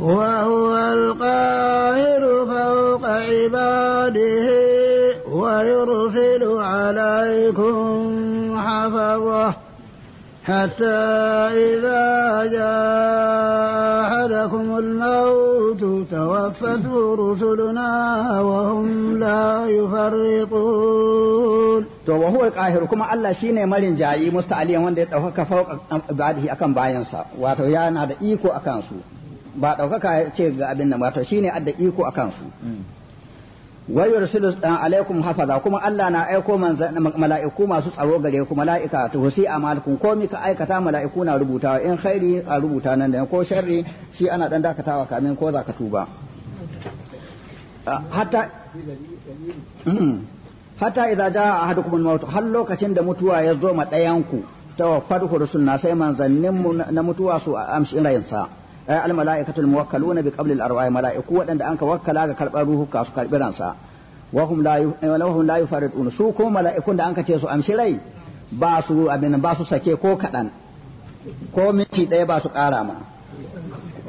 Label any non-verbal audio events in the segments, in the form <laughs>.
وهو القاهر فوق عباده ويرسل عليكم حفظه حتى إذا جاء أحدكم الموت توفته رسلنا وهم لا يفرقون to wa huwa al kuma Allah shine marin jayi musta'aliyan wanda ya dauka fauka ibadihi akan bayansa wato yana da iko akan su ba daukaka ka ce ga abin nan wato shine adda iko akan su wa yursilu eh, alaikum hafaza kuma Allah na aiko mala'iku masu tsaro gare ku mala'ika tuhsi amalkum ko mika aikata mala'iku na rubutawa in khairi a rubuta nan da ko sharri shi ana dan dakatawa kamin ko zaka tuba ah, hatta mm-hmm. hatta idza jaa ahadukum al-maut har lokacin da mutuwa ya zo ma ɗayan ku tawaffatuhu rusulna sai manzannin mu na mutuwa su amshi rayinsa al malaikatul muwakkaluna bi qabli al-arwah malaiku wadanda anka wakkala ga karbar ka su karbi ransa wa hum la wa hum la yufaridun su ko malaikun da anka ce su amshi rai ba su abin ba su sake ko kadan ko minti daya ba su kara ma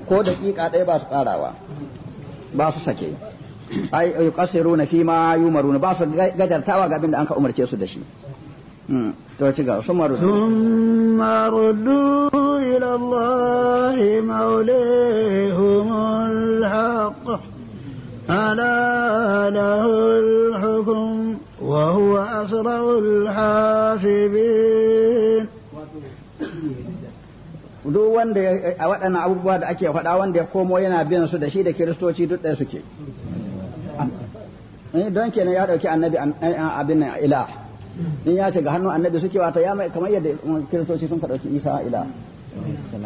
ko daƙiƙa daya ba su karawa ba su sake ai yuqasiruna fi ma yumaruna ba su gajartawa ga abin da anka umarce su da shi hmm. to ci ga summa rudu summa rudu ila Allah mawlihum alhaq ala lahul hukm wa huwa asrarul hasibin duk wanda a waɗannan abubuwa da ake faɗa wanda ya komo yana biyan su da shi da kiristoci duk ɗaya suke Eh, don kenan ya dauki annabi eh, abin nan ila in ya ce ga hannun annabi suke wata ya mai kamar yadda um, kiristoci sun dauki isa ila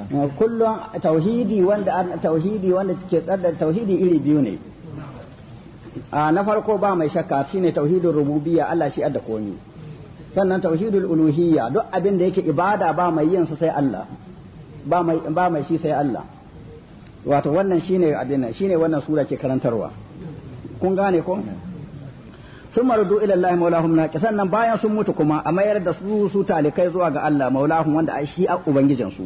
eh, kullum tauhidi wanda tauhidi wanda ke tsada tauhidi iri biyu ne na farko ba mai shakka shine tauhidin rububiyya Allah shi adda komi sannan tauhidul uluhiyya duk abin da yake ibada ba mai yin sai Allah ba mai ba mai shi sai Allah wato wannan shine abin nan shine wannan sura ke karantarwa kun gane ko sun maradu ila Allah maulahum ki sannan bayan sun mutu kuma a mayar da su su talikai zuwa ga Allah maulahum wanda a shi a ubangijin su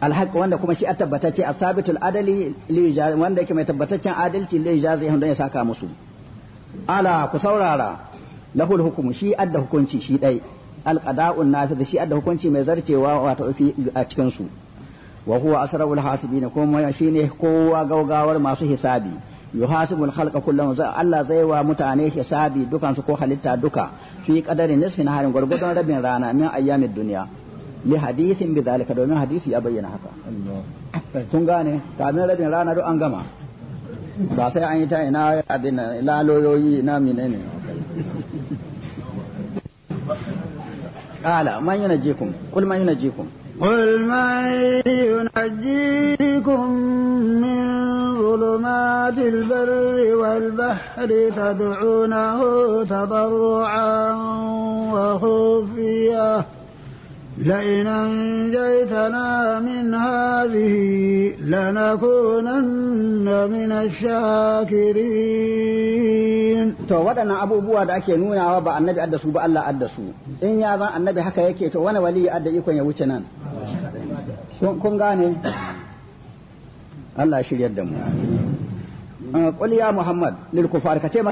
alhaq wanda kuma shi a tabbatacce a sabitul adali wanda yake mai tabbataccen adalci ya jazi don ya saka musu ala ku saurara lahul hukumu shi adda hukunci shi dai alqada'un nafi shi adda hukunci mai zarcewa wato fi a cikin su wa huwa asrarul hasibina kuma shine kowa gaugawar masu hisabi يحاسب الخلق كلهم الله زي ومتاني حسابي دكان سكو خليتا دكا في قدر نصف نهار غرغدون ربنا رانا من ايام الدنيا لحديث بذلك دوما حديث يبين هذا تون غاني كان ربنا رانا دو انغما با سي اني تا انا ادنا لا لو يو يي نا مي نني قال من ينجيكم قل من ينجيكم قل من ينجيكم من ظلمات البر والبحر تدعونه تضرعا وخفيه لئن أنجيتنا من هذه لنكونن من الشاكرين to waɗannan abubuwa da ake nunawa ba annabi addasu ba Allah addasu in ya zan annabi haka yake to wani wali adda ikon ya wuce nan kun gane Allah shiryar da mu uh, qul ya muhammad lil kufar kace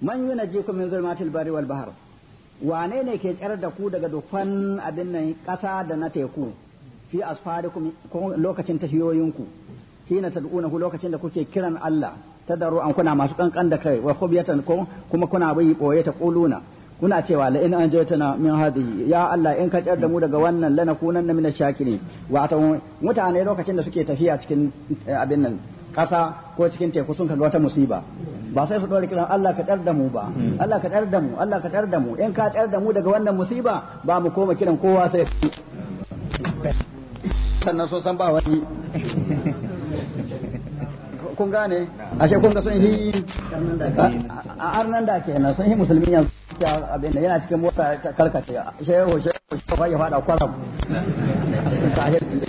man yunajikum min zulmatil bari wal bahr wane ne ke tsar da ku daga dukkan abin nan ƙasa da na teku fi asfarikum lokacin tafiyoyinku hina tad'unahu lokacin da kuke kiran Allah tadaru an kuna masu kankan da kai wa khubiyatan ko kuma kuna bai boye ta quluna kuna cewa la in anjaytana min hadhihi ya Allah in ka tsar da mu daga wannan lanakunanna min ash-shakirin wato mutane lokacin da suke tafiya cikin abin nan ƙasa ko cikin teku sun kaga wata musiba ba sai su ɗora kiran Allah ka tsar da mu ba Allah ka tsar da mu Allah ka tsar da mu in ka tsar da mu daga wannan musiba ba mu koma kiran kowa sai sannan sun san ba wani kun gane ashe kun ga sun yi a arnan da kenan sun yi musulmi abin da yana cikin motsa ta karkace shehu shehu shehu ya fada kwaram ta hirki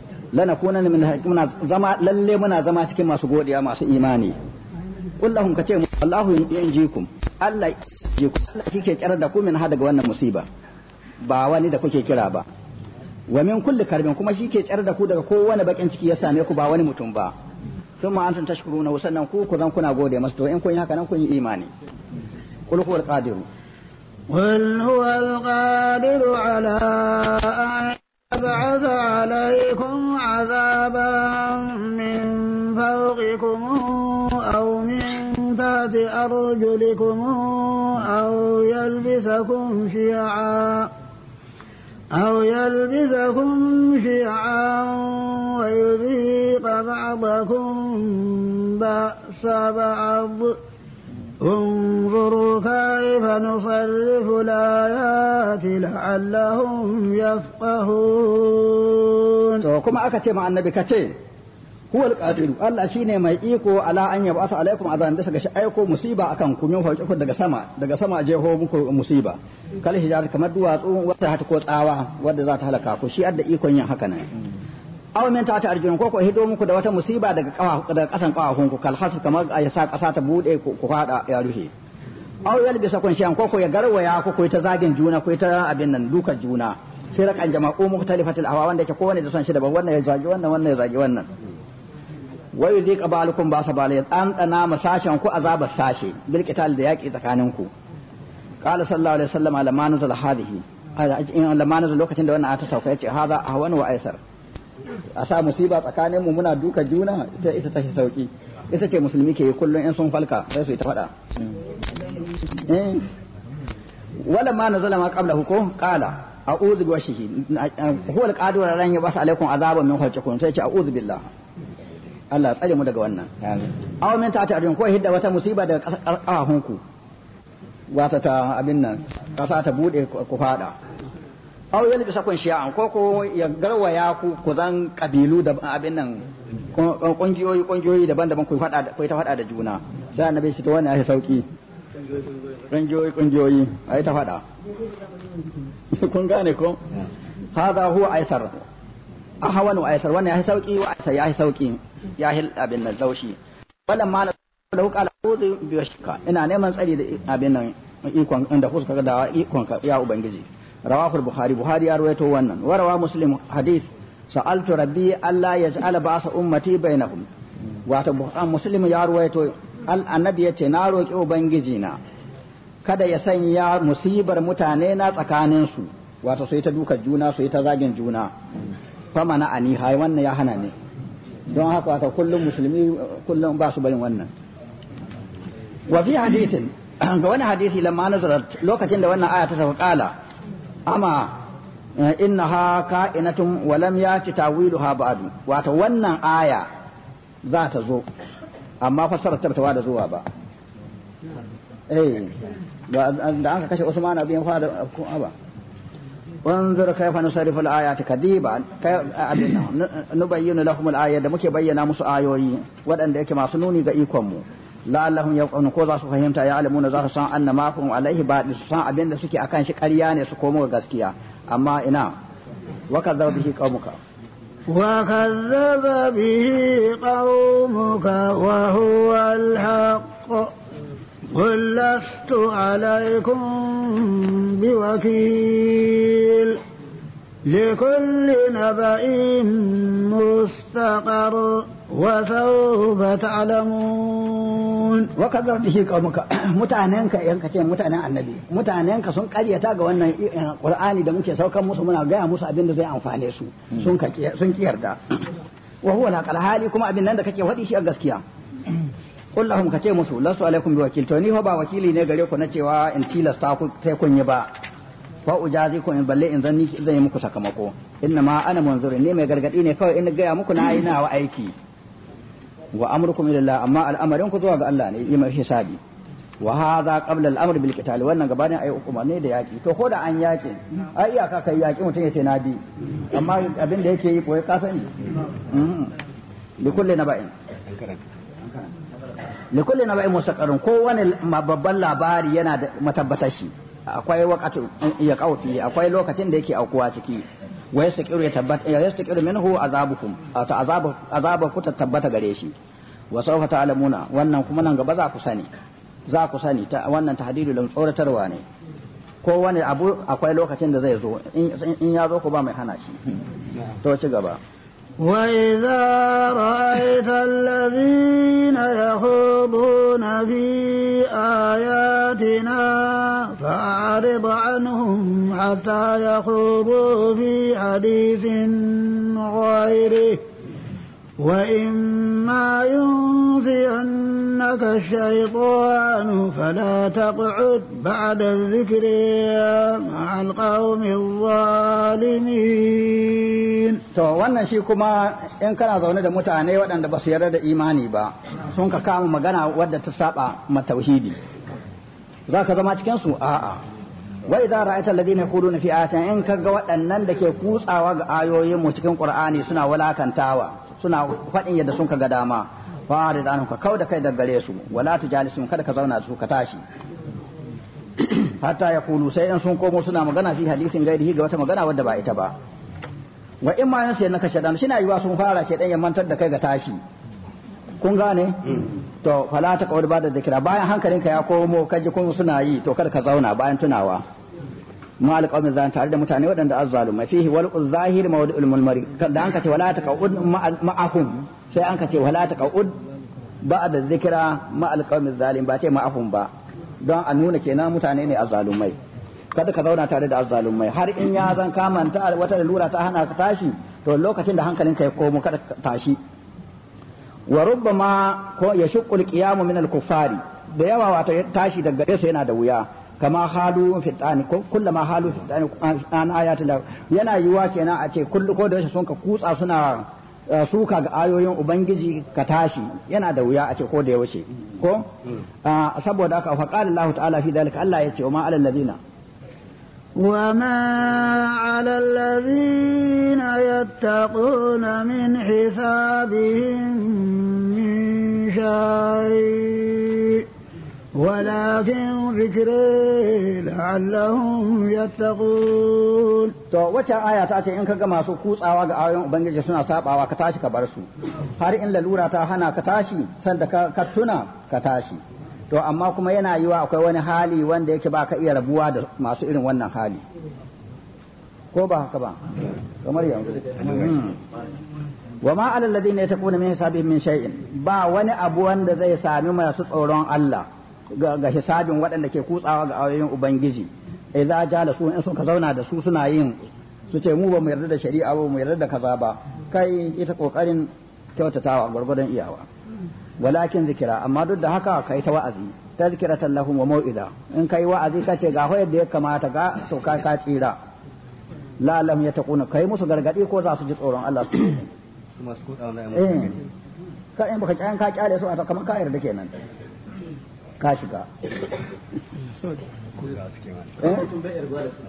lanakunanna min muna zama lalle muna zama cikin masu godiya masu imani kullahum kace mu Allahu yanjikum Allah yanjikum Allah kike kira da ku min ha daga wannan musiba ba wani da kuke kira ba wa min kulli karbin kuma shi ke tsar da ku daga kowane bakin ciki ya same ku ba wani mutum ba sun ma antum tashkuruna sannan ku ku zan kuna gode masa to in kun yi haka nan kun yi imani qul huwal qadir qul huwal qadir ala أبعث عليكم عذابا من فوقكم أو من تحت أرجلكم أو يلبسكم شيعا أو يلبسكم شيعا ويذيق بعضكم بأس بعض انظروا كيف نصرف الآيات لعلهم يفقهون to kuma aka ce ma annabi kace huwa alqadiru Allah shine mai iko ala an yab'atha alaikum azaban da aiko musiba akan ku daga sama daga sama je ho musiba kal hijar kamar duwatsu wata hata ko tsawa wadda za ta halaka ku shi adda ikon yin haka nan aw min ta arjin ko ko hido muku da wata musiba daga kawa daga kasan kawa hunku kal hasu kamar ya sa kasa ta bude ku fada ya rufe aw yalbisa kun an ko ko ya garwaya ku ko ta zagin juna ku ta abin nan dukar juna firqan jama'u mukhtalifatil ahwa wanda yake kowanne da son shi daban wannan ya zagi wannan wannan ya zagi wannan wa yudhiqa ba sa ba'al an dana masashan ku azaba sashe bil qital da yaki tsakanin ku qala sallallahu alaihi wasallam ala manzal hadhihi ala in lamana lokacin da wannan ta sauka yace hada ahwan wa aisar a sa musiba tsakanin mu muna duka juna ita ita ta sauki ita ce musulmi ke kullun in sun falka sai su ita fada eh. wala ma nazala ma qabla hukum qala a'udhu bi washihi huwa al-qadir ran yabas alaikum azaban min khalqikum sai ce a'udhu billah Allah tsare mu daga wannan aw min ta ta'rin ko hidda wata musiba daga kafafun ku wata ta abin nan kasa ta bude ku fada aw yana bisa kun shi'a ko ko ya garwaya ku ku zan kabilu da abin nan kungiyoyi kungiyoyi daban-daban ku fada ku ta fada da juna sai annabi shi to wannan ya sauki kungiyoyi kungiyoyi ai ta fada <laughs> kun gane ko hada huwa aisar ahwan wa aisar wannan ya sauki wa aisar ya sauki ya hil abin nan laushi wannan ma da qala a'udhu bi ina neman tsari da abin nan ikon da fuska da ikon ya ubangiji rawahu al buhari ya rawaito wannan wa rawa muslim hadith sa'altu rabbi alla yaj'ala ba'sa ummati bainahum wato muslim ya rawaito na roki ubangiji na kada ya sanya musibar mutane na tsakanin wato sai ta duka juna sai ta zagin juna fa mana ani hai wannan ya hana ne don haka wato kullum musulmi kullum ba su barin wannan wa fi hadithin ga wani hadisi lamma nazarat lokacin da wannan aya ta sauka kala amma eh, ha ka'inatun wa lam yati ha-ba'adu wata wannan aya za ta zo amma fassara ta bata da zuwa ba eh da an kashe Usman abin fa da ba wanzur fa nusarifu al-ayati kadiba eh, nubayyinu lahum al-ayat da muke bayyana musu ayoyi waɗanda yake masu nuni ga ikon mu la'allahum yaqunu ko za su fahimta ya alamuna za su san anna ma hum alaihi ba su san abin da suke akan shi ƙarya ne su komo ga gaskiya amma ina wa kadzaba bihi qaumuka wa kadzaba bihi qaumuka wa huwa al-haqq قل لست عليكم بوكيل لكل نبأ مستقر وسوف تعلمون وكذا به قومك mutanenka yan kace mutanen annabi mutanenka sun karyata ga wannan qur'ani da muke saukan musu muna gaya musu abin da zai amfane su sun kake sun kiyarda wa hali kuma abin nan da kake wadi shi a gaskiya qul lahum kace musu lasu alaikum biwakil ni fa ba wakili ne gare ku na cewa in tilasta ku sai kun yi ba fa ujazikum in balle in zan yi muku sakamako inna ma ana munzuri ne mai gargadi ne kawai in gaya muku na yi nawa aiki wa amrukum ila Allah amma al'amarin ku zuwa ga Allah ne yi mai hisabi wa hadha qabla al'amr bil qital wannan gabanin ayi ne da yaki to ko da an yaki ai iyaka kai yaki mutum yace na bi amma abin da yake yi koyi ka sani mm-hmm. li kulli naba'in li kulli naba'in mustaqarrun ko wani babban labari yana da matabbatar shi akwai waqatu ya qawfi akwai lokacin da yake aukuwa ciki wa yastaqiru ya tabbata ya yastaqiru minhu azabukum ta azabu azabaku ta tabbata gare shi wa sawfa ta'lamuna wannan kuma nan gaba za ku sani za ku sani ta wannan tahdidu lam tsoratarwa ne ko wani abu akwai lokacin da zai zo in ya zo ku ba mai hana shi hmm. to ci gaba وإذا رأيت الذين يخوضون في آياتنا فأعرض عنهم حتى يخوضوا في حديث غيره وإما ينسينك الشيطان فلا تقعد بعد الذكر مع القوم الظالمين to wannan shi kuma in kana zaune da mutane waɗanda ba su yarda da imani ba sun ka kama magana wadda ta saba matauhidi za ka zama cikin su a'a wa idza ra'aita alladhina yaquluna fi ayatin in kaga waɗannan da ke kutsawa ga ayoyin mu cikin qur'ani suna walakantawa suna faɗin yadda sun ga dama fara ɗanuka ka da kai daga gare su wala tujalisun kada ka zauna su ka tashi <clears throat> hatta ya kulu sai in sun komo suna magana fi hadisin gairihi ga wata magana wadda ba ita ba wa in ma yan sai kashe shadan shi na wa sun fara shedan ya mantar da kai ga tashi kun gane mm. to fala ta kawar ba da zikira bayan hankalinka ya komo kaji kuma suna yi to kada ka zauna bayan tunawa ma alqawmi zalim tare da mutane waɗanda azzalumai fihi walqu zahir mawdu'ul mulmari da an kace wala taqud ma'ahum sai an kace wala taqud ba'da zikra ma alqawmi zalim ba ce ma'ahum ba don a nuna kenan mutane ne azzalumai kada ka zauna tare da azzalumai har in ya zan kamanta wata lura ta hana ka tashi to lokacin da hankalinka ya komo kada ka tashi wa rubbama ko yashqul qiyamu min al-kuffari da yawa wato tashi daga gare yana da wuya kama halu fi tani kullama halu fitani tani an ayatin da yana yiwa kenan a ce kullu ko da yake sun ka kutsa suna eh, suka ga ayoyin ubangiji ka tashi yana da wuya a ce ko da yaushe ko mm. ah, saboda haka fa qala Allah ta'ala fi dalika Allah ya ce wa ma alal ladina وما على الذين يتقون min حسابهم min شيء ولكن ذكري لعلهم يتقون to wacce aya ta ce in kaga masu kutsawa ga ayoyin ubangiji suna sabawa ka tashi ka bar su har in lalura ta hana ka tashi sanda ka tuna ka tashi to amma kuma yana yiwa akwai wani hali wanda yake ba ka iya rabuwa da masu irin wannan hali ko ba haka ba kamar yanzu hmm. wa ma alal ladina yataquna min hisabihim min shay'in ba wani abu wanda zai sami masu tsoron Allah ga hisabin waɗanda ke kutsawa ga ayoyin ubangiji eh, da su in suka zauna da su suna yin su ce mu ba mu yarda da shari'a ba mu yarda da kaza ba kai ita kokarin kyautatawa gwargwadon iyawa walakin zikira amma duk da haka kai ta wa'azi tazkiratan lahum wa mau'iza in kai wa'azi ka ce ga hoyar da ya kamata ga to ka ka tsira la lam yataquna kai musu gargadi ko za su ji tsoron Allah su su masu kudawa na eh. ka in baka kyan ka kyale su a kamar ka yarda kenan ka shiga eh,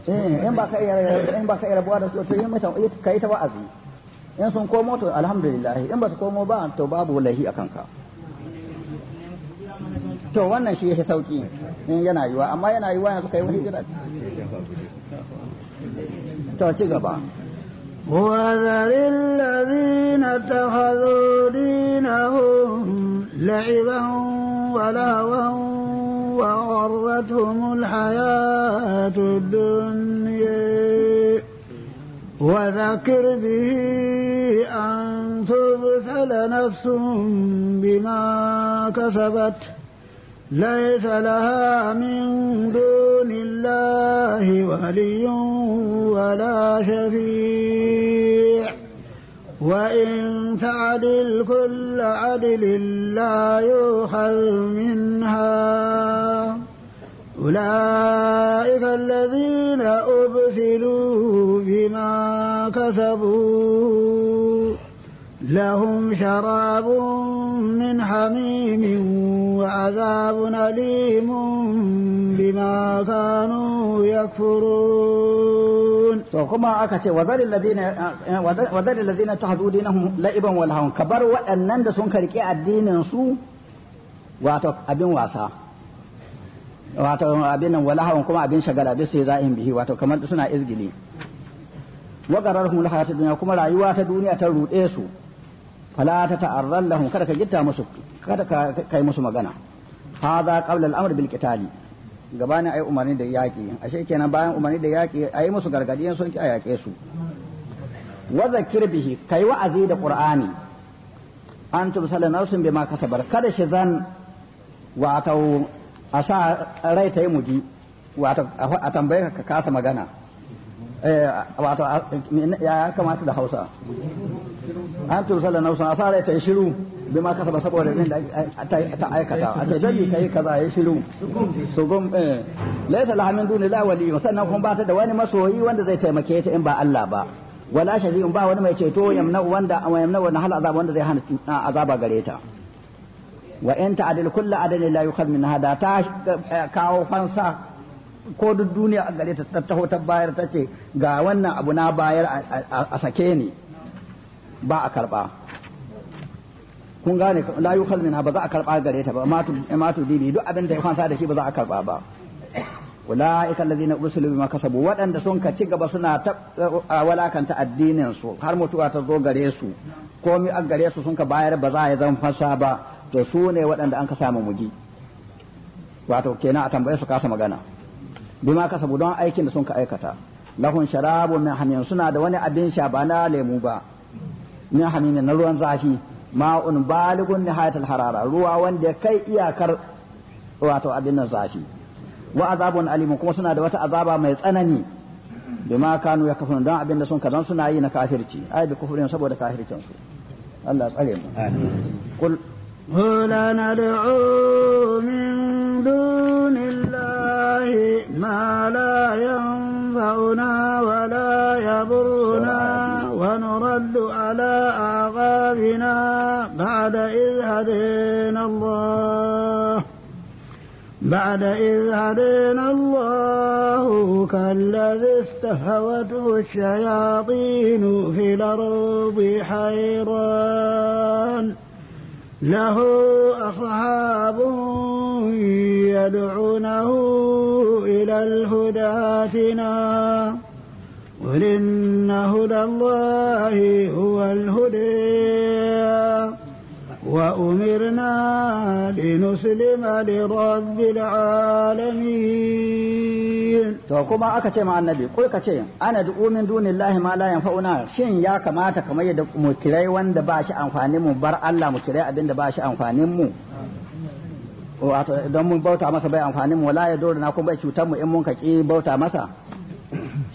eh, in ba ka in ba ka iya rabuwa da su to yi mata kai ta wa'azi in sun komo to alhamdulillah in ba su komo ba to babu lahi akan ka to wannan shi yake sauki in yana yiwa amma yana yiwa yanzu kai wani hijira to ci gaba وذر الذين اتخذوا دينهم لعبا ولهوا وغرتهم الحياة الدنيا وذكر به أن تبثل نفس بما كسبت ليس لها من دون الله ولي ولا شفيع وإن تعدل كل عدل لا يؤخذ منها أولئك الذين أبثلوا بما كسبوا لهم شراب من حميم وعذاب أليم بما كانوا يكفرون ثم أكتش وذل الذين اتخذوا دينهم لعبا ولهوا كبروا وأنن دسون كريكي الدين نسو واتو أبين واسا واتو أبين ولهوا كما أبين شغل بس يزائهم به واتو كما دسونا إزجلي وقررهم لحياة الدنيا كما رأيوا تدوني أتروا إيسو fala ta ta'arran lahum kada ka gitta musu kada ka kai musu magana hadha qabla al-amr bil qitali gabanin ayi umarni da yaki ashe kenan bayan umarni da yaki ayi musu gargadi sun ki ayake su wa zakir bihi kai wa'azi da qur'ani an tubsala nafsun bima kasabar kada shi zan wato a sa rai ta yi muji wato a tambaye ka kasa magana wato ya kamata da Hausa an tursala nausan asara ta yi shiru bima ba saboda din da ta aikata a ka kai kaza ya shiru su gum eh laysa duni la wali sannan kuma ba ta da wani masoyi wanda zai taimake ta in ba Allah ba wala shafi'un ba wani mai ceto yamna wanda yamna wanda zai hana azaba gare ta wa in ta'dil kullu adalin la yukhad min hada ta kawo fansa ko duk duniya a gare ta taho ta bayar ta ce ga wannan abu na bayar a sake ni ba a karba kun gane la yukhal minha ba za a karba gare ta ba matu matu duk abin da ya kwanta da shi ba za a karba ba ulaika allazina ursilu bima kasabu waɗanda sun ka ci gaba suna ta walakanta addinin su har mutuwa ta zo gare su komi an gare su sun ka bayar ba za a yi zan fasa ba to su ne waɗanda an ka samu mugi wato kenan a tambaye su kasa magana bima kasabu don aikin da sun ka aikata lahun sharabu min suna da wani abin sha ba na lemu ba min hamimi na ruwan zafi ma'un baligun nihayatul harara ruwa wanda kai iyakar wato abin nan zafi wa azabun alimun kuma suna da wata azaba mai tsanani bima kanu ya kafin don abin da sun kazan suna yi na kafirci ai da kufurin saboda kafircin su Allah tsare mu amin قل nad'u min dunillahi ma la yanfa'una wa la يضرنا ونرد على أعقابنا بعد إذ هدينا الله بعد إذ هدينا الله كالذي استهوته الشياطين في الأرض حيران له أصحاب يدعونه إلى الهدى قل إن هدى الله هو الهدي وأمرنا لنسلم لرب العالمين to kuma aka ce ma annabi kul ka ce ana du'u min dunillahi ma la yanfa'una shin ya kamata kamar yadda mu kirai wanda ba shi amfani mu bar Allah mu kirai abin da don mun bauta masa bai amfanin wala ya dora na kuma bai cutar in mun ka ki bauta masa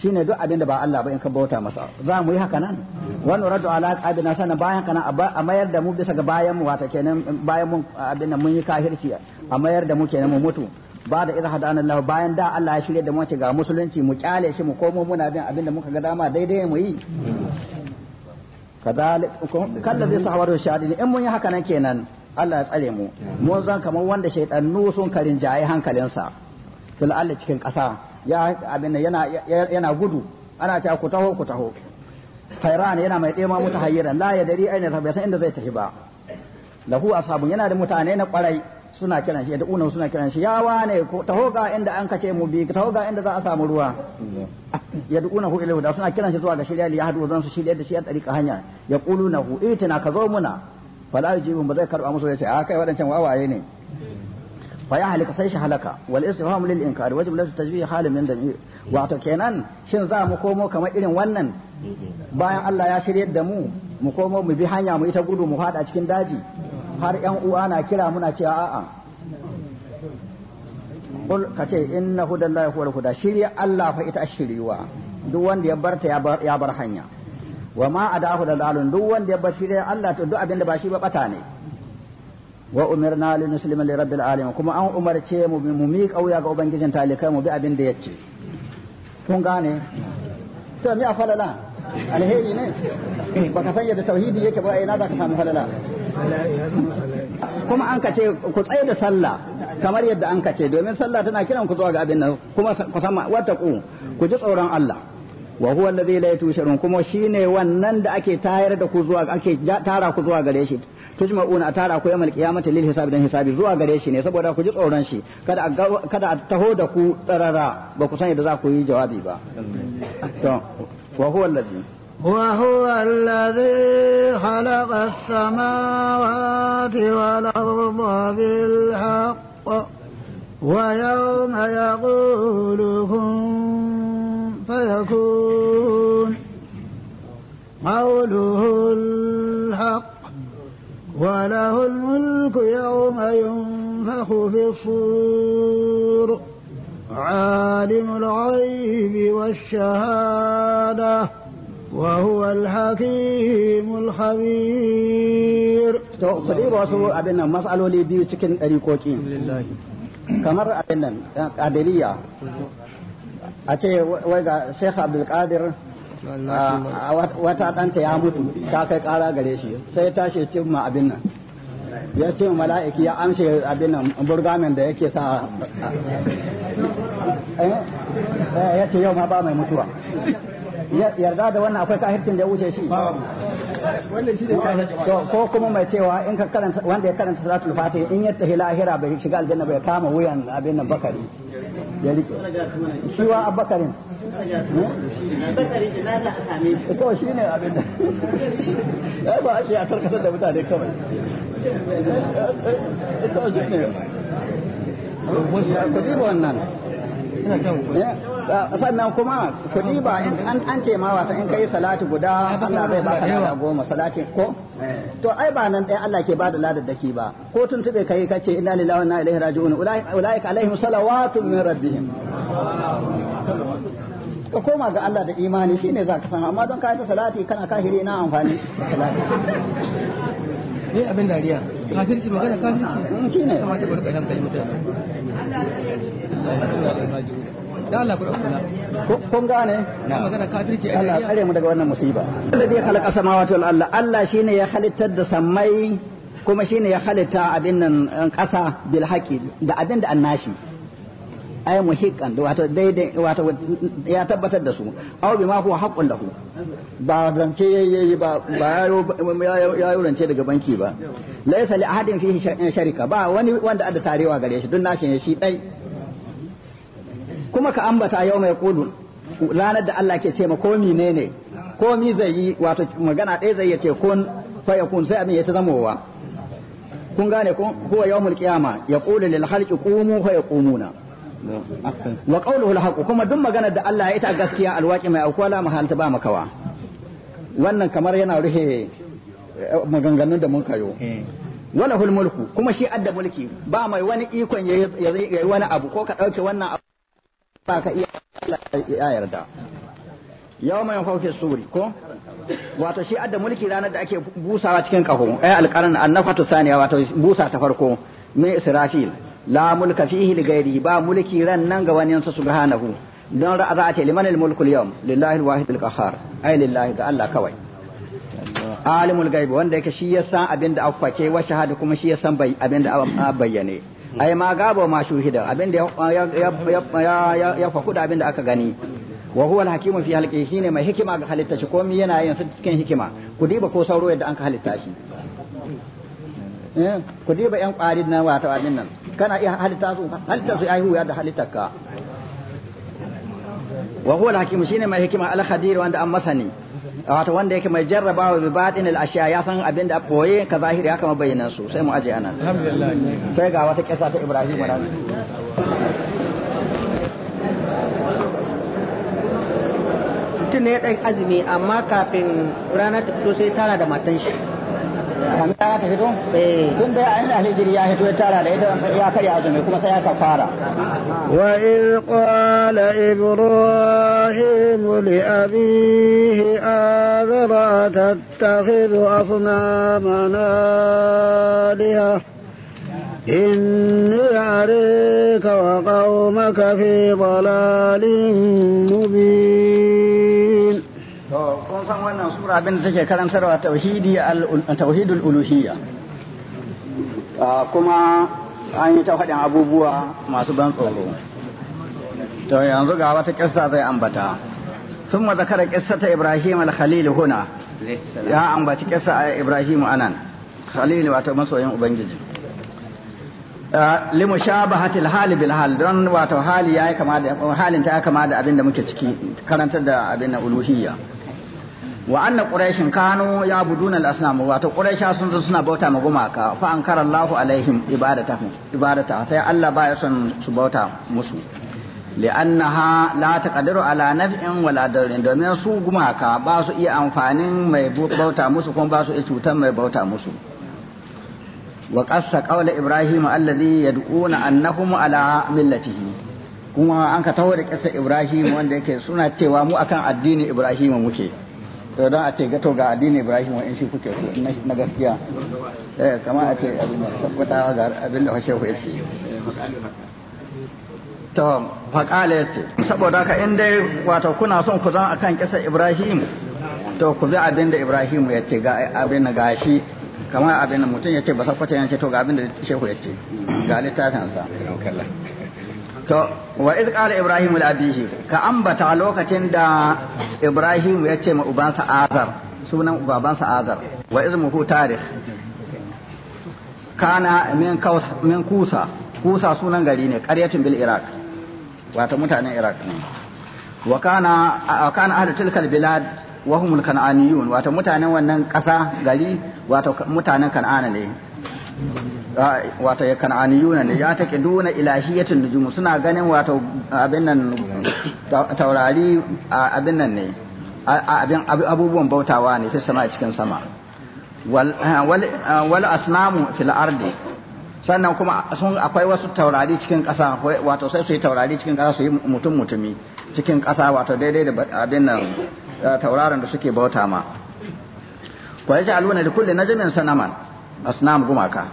shine duk abin da ba Allah ba in ka bauta masa za mu yi haka nan wani radu ala qadina sana bayan kana a mayar da mu bisa ga bayan mu wata kenan bayan mun abin da mun yi kafirci a mayar da mu kenan mu mutu ba da idha hadana Allah bayan da Allah ya shirye da mu ga musulunci mu kyale shi mu komo muna bin abin da muka ga dama daidai mu yi kadalik kallazi sahawar shadini in mun yi haka nan kenan Allah ya tsare mu mun zan kamar wanda shaytanu sun karin jaye hankalinsa fil cikin ya abin yana yana gudu ana cewa ku taho ku taho fairan yana mai ɗema mutu hayyiran la ya dari aina ta san inda zai tafi ba lahu ashabun yana da mutane na kwarai suna kiran shi da uno suna kiran shi ya wane ko taho ga inda an kace mu bi taho ga inda za a samu ruwa ya duuna hu ilahu da suna kiran shi zuwa ga shirya ya yahdu zan su shirya da shi a tsarika hanya ya quluna hu itina ka zo muna fala yujibu ba zai karba musu ce a kai wadancan wawaye ne fa ya halika sai shi halaka wal istifham lil inkar wajib la tajbih halin min damir wato kenan shin za mu komo kamar irin wannan bayan Allah ya shiryar da mu mu komo mu bi hanya mu ita gudu mu fada cikin daji har yan uwa na kira muna cewa a'a kul kace inna hudallahi huwal huda shirya Allah fa ita shiriwa duk wanda ya barta ya bar hanya wa ma adahu dalalun duk wanda ya bar shirya Allah to duk abinda ba shi ba bata ne wa umirna li nuslima li rabbil alamin kuma an umarce mu mu mi kauya ga ubangijin talikai mu bi abin da yace kun gane to mi afalala alheri ne baka san yadda tauhidi yake ba ina za ka samu falala kuma an kace ku tsaye da sallah kamar yadda an kace domin sallah tana kiran ku zuwa ga abin nan kuma ku san wata ku ku ji tsoron Allah wa huwa alladhi la yatushirun kuma shine wannan da ake tayar da ku zuwa ake tara ku zuwa gare shi tujma'una a tara ku yamal qiyamati lil hisabi dan hisabi zuwa gare shi ne saboda ku ji tsoron shi kada kada a taho da ku tsarara ba ku san yadda za ku yi jawabi ba to wa huwa alladhi وهو الذي خلق السماوات والأرض بالحق ويوم يقول كن فيكون قوله وله الملك يوم ينفخ في الصور عالم الغيب والشهادة وهو الحكيم الخبير to ku dai wasu abin nan matsaloli biyu cikin ɗarikoki kamar abin nan a a ce wai ga Sheikh Abdul Qadir Ah, ah, wata ɗanta ya mutu ta kai ƙara gare shi sai ta ce cin ma abin nan ya ce mala'iki ya amshe abin nan burgamen da yake sa eh, eh, ya ce yau ma ba mai mutuwa yarda da wannan akwai kahircin da ya wuce shi ko kuma mai cewa in ka karanta wanda ya karanta suratul fatiha in ya tahi lahira bai shiga aljanna bai kama wuyan abin nan bakari ya rike shi wa abakarin eh, to shi ne abin nan ba shi a karkatar da mutane kawai eh, to shi ne ku wannan sannan kuma kuɗi ba in an ce ma wata in kai salati guda Allah zai baka da goma salati ko eh. to ai ba nan ɗaya Allah ke ba da ladar daki ba ko tun tube kai kace inna lillahi wa inna ilaihi raji'un ulaika alaihim salawatun min rabbihim ka koma ga Allah da imani shine za ka san amma don ka yi salati kana kahiri na amfani salati ne abin dariya kafirci magana ka da kun gane Allah tsare mu daga wannan musiba Allah zai halaka samawati wal Allah Allah shine ya halittar da sammai kuma shine ya halitta abin nan ƙasa bil haqi da abin da annashi ay muhiqqan wato daidai wato ya tabbatar da su aw bima huwa haqqun lahu ba zance yayi ba ba ya yi rance daga banki ba laysa li ahadin fihi sharika ba wani wanda ada tarewa gare shi dun nashi ne shi dai kuma ka ambata yau mai kudu ranar da Allah ke ce ma ko ne ko mi zai yi wato magana ɗaya zai yace kun fa yakun sai abin ya ta zamowa kun gane ko huwa yawmul qiyama yaqulu lil khalqi qumu fa yaqumuna wa qawluhu al kuma duk maganar da Allah ya ita gaskiya alwaki mai aukuwa la mahalta ba makawa wannan kamar yana rufe eh, maganganun da mun kayo eh. wala hul mulku kuma shi adda mulki ba mai wani ikon ya yi wani abu ko ka dauke wannan abu ba ka iya Allah ya yarda yau mai fauke suri ko wato shi adda mulki ranar da ake busawa cikin kafo ai eh, alqaran annafatu saniya wato busa ta farko mai israfil la mulka fihi li ghairihi ba mulki ran nan ga wani yansa subhanahu don ra'a za a ce liman al-mulku al-yawm lillahi al-wahid al-qahhar ai lillahi ga Allah kawai alimul gaibi wanda yake shi ya san abin da afake wa shahada kuma shi ya san abin da bayyane ai ma gabo ma shuhida abin da ya ya faku abin da aka gani wa huwa al hakim fi halqihi shine mai hikima ga halitta shi komai yana yin cikin hikima ku diba ko sauro yadda an ka halitta shi Eh, ku diba yan ƙwari na wata wannan nan kana iya halitta su halitta su ai huya da halitta ka wa huwa al-hakim shine mai hikima al-khadir wanda an masani wato wanda yake mai jarrabawa bi batin al-ashiya ya san abin da boye ka zahiri haka mabayyanan su sai mu aje anan alhamdulillah sai ga wata kisa ta Ibrahim Tun ne dan azumi amma kafin rana ta fito sai tana da matan shi kamar ta fito tun da an ahli ya fito ya tara da ita ya karya azumi kuma sai ya kafara wa in qala ibrahim li abihi azara tattakhidhu asnamana aliha إني أريك وقومك في ضلال مبين san wannan sura abin da take karantarwa tauhidi tauhidul uluhiyya ah, kuma an yi ta faɗin abubuwa masu ban tsoro to yanzu ga wata kissa zai ambata ثم Ibrahim Al-Khalil Huna ya ambaci أم a قصة Anan. Khalil خليل واتو مسو يوم أبنجي limushabahati hali bil hal don wato hali ya kama da halin ta ya kama da abin da muke ciki karantar da abin na uluhiyya wa anna quraishin kanu ya'buduna al-asnam wato quraisha sun zo suna bauta ma gumaka fa ankara Allahu alaihim ibadatahum ibadata sai Allah baya son su bauta musu li'annaha la taqdiru ala naf'in wala darrin domin su gumaka ba su iya amfanin mai bauta musu kuma ba su iya cutar mai bauta musu wa qassa qawla ibrahim alladhi yad'una annahum ala millatihi kuma an ka tawo da kissa ibrahim wanda yake suna cewa mu akan addinin ibrahim muke to don a ce gato ga addinin ibrahim wa shi kuke su na gaskiya eh kama a ce abin da sabbatawa ga abin da hashe ya ce to faƙala ya ce saboda ka in dai wato kuna son ku zan akan kisa ibrahim to ku bi abin da ibrahim ya ce ga abin da gashi kamar abin da mutum ya ce ba sabbata ya ce to ga abin da shehu ya ce ga littafinsa to wa iz qala ibrahim li abihi ka ambata lokacin da ibrahim ya ce ma ubansa azar sunan babansa azar wa ismuhu tarikh kana min min kusa kusa sunan gari ne qaryatun bil iraq wato mutanen iraq ne wa kana kana tilkal bilad wa humul kan'aniyun wato mutanen wannan kasa gari wato mutanen kan'ana ne wato ya kan'aniyuna ne ya take duna ilahiyatin nujumu suna ganin wato abin nan taurari abin nan ne abin abubuwan bautawa ne fi sama cikin sama wal asnamu fil ardi sannan kuma sun akwai wasu taurari cikin ƙasa wato sai su yi taurari cikin ƙasa su yi mutum mutumi cikin ƙasa wato daidai da abin nan eh, tauraron da suke bauta ma aluna da likulli najmin sanaman asnam gumaka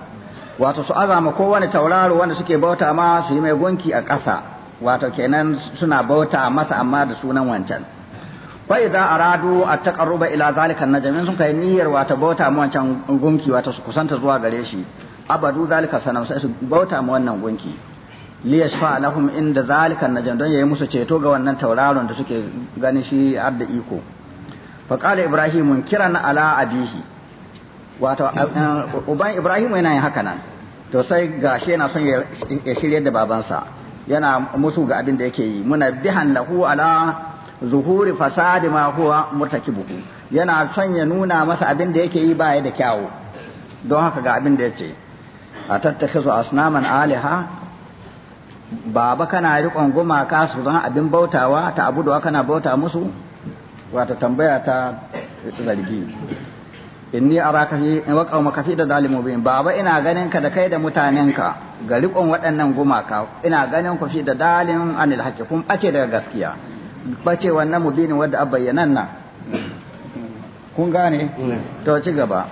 wato su azama kowane tauraro wanda suke bauta ma su yi mai gunki a ƙasa wato kenan suna bauta masa amma da sunan wancan fa idza aradu at taqarruba ila zalika najm sun kai niyyar wato bauta ma wancan gunki wato su kusanta zuwa gare shi abadu zalika sanam sai su bauta ma wannan gunki li yashfa lahum inda zalika najm don yayi musu ceto ga wannan tauraron da suke gani shi har da iko fa qala ibrahim kiran ala abihi wato eh, eh, uban Ibrahim yana yin haka nan to sai gashi yana son ya shirye da babansa yana musu ga abin da yake yi muna bihan lahu ala zuhuri fasadi ma huwa murtakibuhu yana son ya nuna masa abin da yake yi ba ya da kyawu don haka ga abin da yace a tattakhizu asnaman aliha baba kana riƙon gumaka kasu don abin bautawa ta abudu kana bauta musu wato tambaya ta zargi inni araka fi wa maka fi zalimu bin baba ina ganin ka da kai da mutanenka ga riƙon waɗannan gumaka ina ganin ku fi da dalilin anil haqqi kun ɓace daga gaskiya bace wannan mubinin wanda a nan kun gane mm. to ci gaba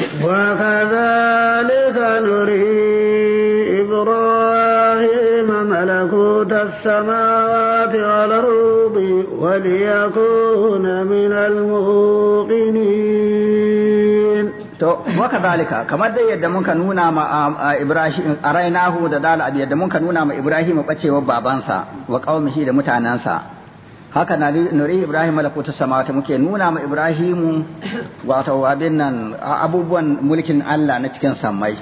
وكذلك نري إبراهيم ملكوت السماوات والأرض وليكون من الموقنين to waka zalika kamar dai yadda muka nuna ma Ibrahim arainahu da dal abi yadda muka nuna ma Ibrahim bacewar babansa wa qaumihi da mutanansa haka na nuri Ibrahim malakutu samawati muke nuna ma Ibrahim wato abin nan abubuwan mulkin Allah na cikin sammai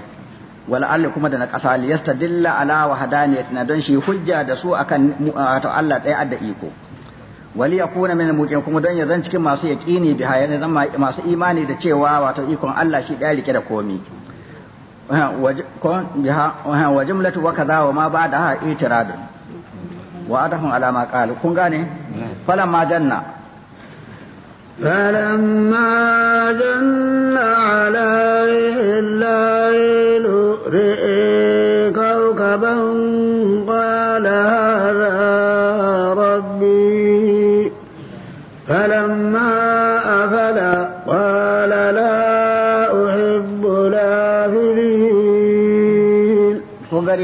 Wala alli kuma da na ƙasa dilla ala wahdaniyati na don shi hujja da su akan wato Allah ɗaya adda iko wali kuna min muƙin kuma don ya zan cikin masu yaqini biha yana zan masu imani da cewa wato ikon Allah shi ɗaya rike da komi wa jimlatu wa kaza wa ma da ha itiradun wa adahum alama ma kun gane ma janna فلما جن عليه الليل رئي كوكبا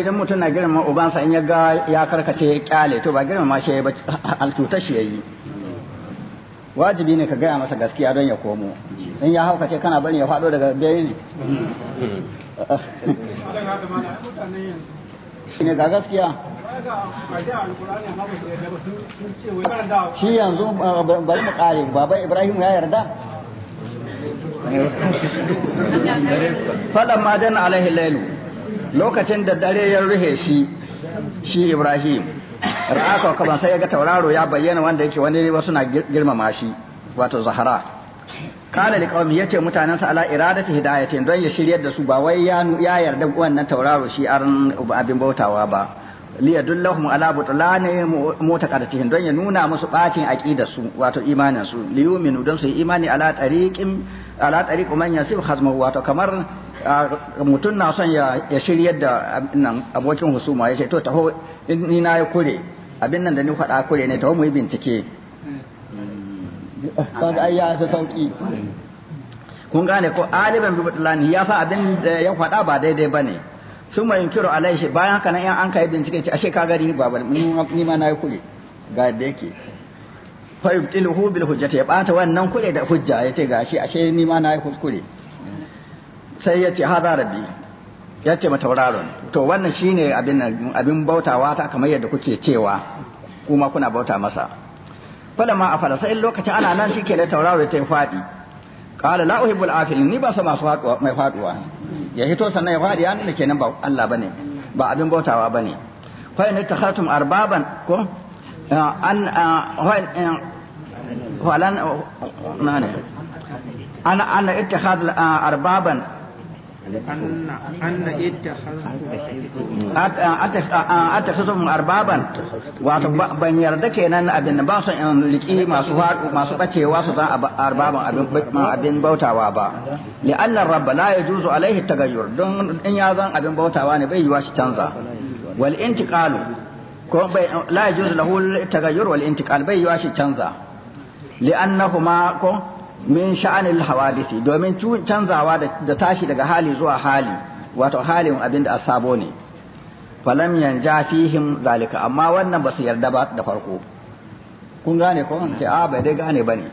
idan mutum na girma ubansa in ya ga ya karkace kyale to ba girma ma shi ba alcutar shi yayi wajibi ne ka gaya masa gaskiya don ya komo in ya hauka ce kana bari ya faɗo daga bayi ne ne ga gaskiya shi yanzu bari mu ƙare baba ibrahim ya yarda فلما جن عليه الليل lokacin da dare ya ruhe shi shi Ibrahim ra'aka kawkaban sai ya ga tauraro ya bayyana wanda yake wani ne wasu na girmama shi wato Zahara kana da kawai yace mutanen sa ala iradati hidayatin don ya shiryar da su ba wai ya yarda wannan tauraro shi aran abin bautawa ba liyadullahum ala butlani mutaqaddatihim don ya nuna musu bacin aqidar su wato imanin su liyuminu don su yi imani ala tariqin ala tariqu man yasib khazmahu wato kamar mutun na son ya shiryar da nan abokin husuma ya to taho ni na ya kure abin nan da ni faɗa kure ne taho mu yi bincike hmm. kaga ai ya fi sauki kun gane ko aliban bi butlani ya fa abin da ya faɗa ba daidai bane sun ma yunkiru alaihi bayan haka nan in an kai bincike ce ashe ka gari ba ni ma nayi kure ga da yake fa yubtiluhu bil hujjati ya bata wannan kure da hujja yace gashi ashe ni ma nayi kuskure sai yace hada rabbi yace mata tauraron to wannan shine abin abin bautawa ta kamar yadda kuke cewa kuma kuna bauta masa falama afala sai lokacin ana nan shike da tauraro ta yi fadi قال لا أحب العافل ني با سما سوا ما فاتوا يا هيتو سنه يا فاديا يعني ان لكي نبا الله بني با ابين بوتاوا بني فاي نتخاتم اربابا كو آه، ان هو آه، آه، ان هو لان انا انا اتخاذ اربابا attakhizum arbaban wato ban yarda kenan abin ba su in liki masu masu bacewa su san arbaban abin abin bautawa ba li'anna rabba la yajuzu alaihi tagayyur don in ya zan abin bautawa ne bai yiwa shi canza wal intiqalu ko bai la yajuzu lahu tagayyur wal intiqal bai yiwa shi canza li'annahuma ko min sha'anil hawadisi domin canzawa da tashi daga hali zuwa hali wato halin abinda da asabo ne falam yanja fihim zalika amma wannan ba su yarda ba da farko kun gane ko ce a bai dai gane bane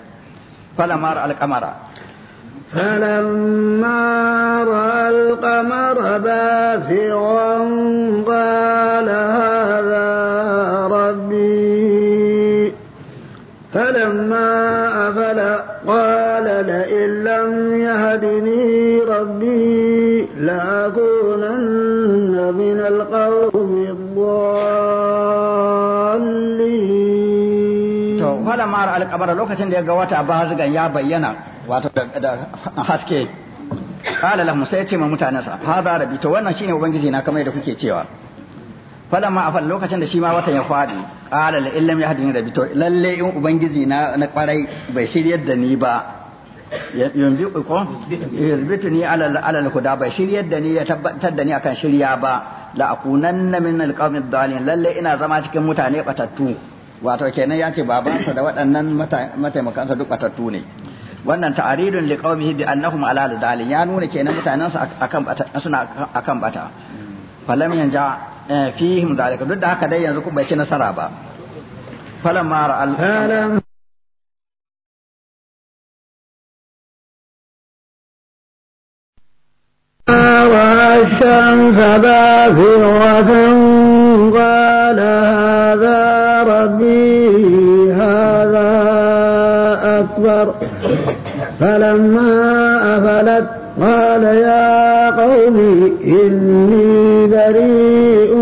falamar alqamara فلما رأى القمر بازغا قال هذا ربي فلما لئن لم يهدني ربي لأكونن من القوم الضالين to fala mar alƙabar lokacin da ya ga wata bazigan ya bayyana wato haske qala lahum sai ya ce ma mutanansa hada rabbi wannan shine ubangiji na kamar da kuke cewa falamma afal lokacin da shi ma watan ya fadi qala la illam yahdini rabbi to lalle in ubangiji na na karai bai shiryar da ni ba yanzu ko yuzbituni ala ala al-huda bai shiryar da ni ya tabbatar da ni akan shirya ba la akunanna min al-qawmi ad-dallin lalle ina zama cikin mutane batattu wato kenan ya ce babansa da waɗannan mataimakansa duk batattu ne wannan ta'aridun li qaumihi bi annahum ala al-dallin ya nuna kenan mutanansa akan bata suna akan bata falam yanja eh, fihim zalika duk da haka dai yanzu ku bai ci nasara ba falamma ra'al الشمس باثرة قال هذا ربي هذا أكبر فلما أفلت قال يا قوم إني بريء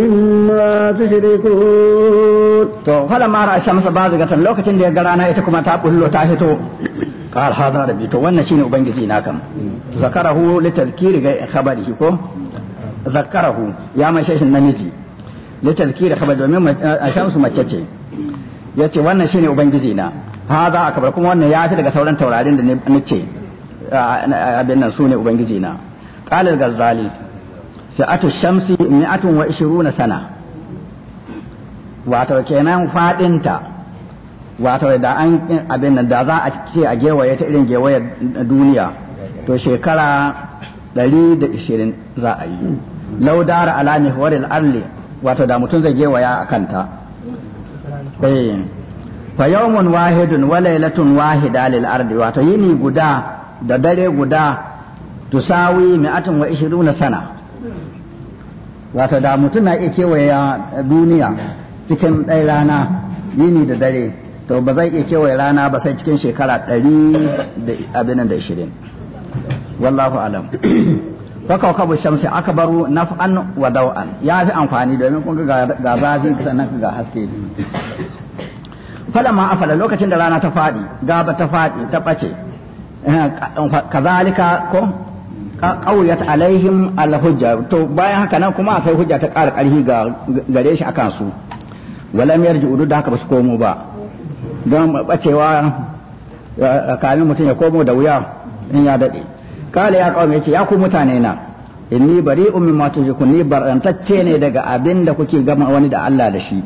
مما تشركون فلما رأى الشمس باثرة لو كتن دي قرانا يتكما تابو اللو تاهتو قال هذا ربي تو wannan shine ubangiji na kam zakarahu ga ko zakarahu ya mai shashin namiji domin shamsu mace ce yace wannan shine ubangiji na hada akbar kuma wannan ya fi daga sauran taurarin da nace abin nan sune ubangiji na qala al-ghazali sa'atu shamsi sana wato kenan fadinta wato da an abin nan da za a ce a gewaye ta irin gewaye duniya to shekara 120 za a yi laudar ala mihwaril alli wato da mutum zai gewaya a kanta eh fa yawmun wahidun wa lailatun wahida lil ardi wato yini guda da dare guda tusawi mi'atun wa ishiruna sana wato da mutum na iya kewaya duniya cikin ɗaya rana yini da dare to ba zai iya kewaye rana ba sai cikin shekara ɗari da abin da ishirin wallahu alam faka <coughs> kabu shamsi akbaru naf'an wa daw'an ya fi amfani domin kun ga ga zafi sannan ga haske falamma afala lokacin da rana ta fadi gaba ta fadi ta bace eh, kazalika ko qawiyat alaihim alhujja to bayan haka nan kuma sai hujja ta ƙara ƙarfi ga gare shi akan su walam yarji'u da haka ba su komo ba don bacewa kanin mutum ya komo da wuya in ya daɗe kala ya kawo ce ya ku mutane na in ni bari ummin ma tujikun ni barantacce ne daga abin da kuke gama wani da Allah da shi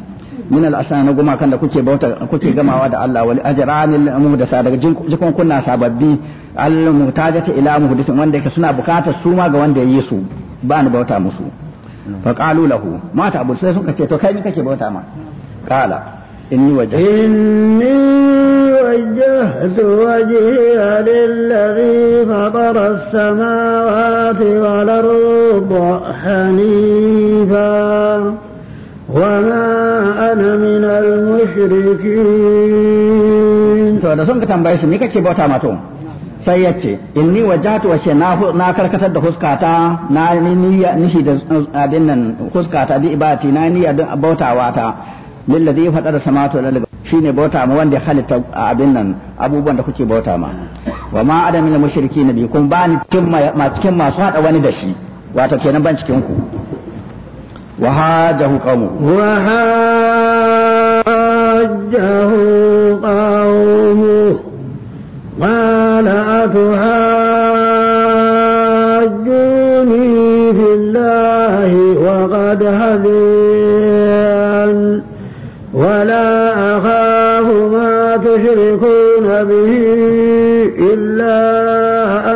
min al'asana na gumakan da kuke bauta kuke gamawa da Allah wal ajranil sa daga jikon kunna sababbi al mutajata ila muhdisin wanda yake suna bukatar su ma ga wanda ya yi su ba ni bauta musu fa qalu lahu mata abu sai sun kace to kai ni kake bauta ma qala إني وجهت إني وجهت وجهي للذي فطر السماوات والأرض حنيفا وما أنا من المشركين to da sun ka tambaye shi me kake bauta mato sai ya ce inni wajhatu wa na karkatar da huskata na niyya nishi da abin nan huskata bi ibati na niyya da bautawa ta lillazi ya faɗa da samatu da shine bauta ma wanda ya halitta abin nan abubuwan da kuke bauta ma wa ma adam min mushriki nabi kun ba ni cikin masu hada wani da shi wato kenan ban cikin ku wa hajahu qawmu wa hajahu qawmu qala atuhajjuni billahi wa qad hadani يشركون به إلا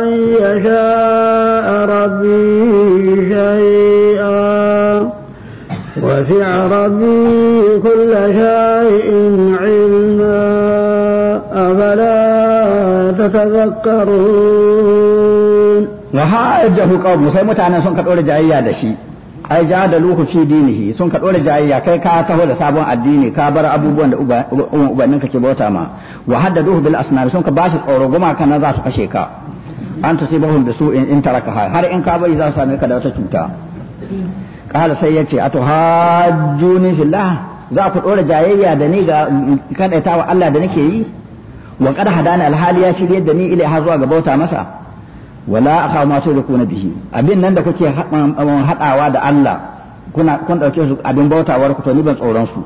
أن يشاء ربي شيئا وسع ربي كل شيء علما أفلا تتذكرون وحاجه قوم سيموت عن سنك الأولى جاية لشيء ai ja da luhu fi dinihi sun ka dora jayayya kai ka taho da sabon addini ka bar abubuwan da ubannin ka ke bauta ma wa haddaduhu bil asnar sun ka bashi tsoro goma na za su kashe ka an ta tusibahum da su in taraka har in ka bari za su same ka da wata cuta kala sai yace atuhajjuni fillah za ku dora jayayya da ni ga kadaitawa Allah da nake yi wa qad hadana alhaliya shi da ni ilaiha zuwa ga bauta masa wala aka ma kuna bihi abin nan da kuke hadawa um, um, da Allah kuna kun dauke su abin bautawar ku to ni ban tsoron su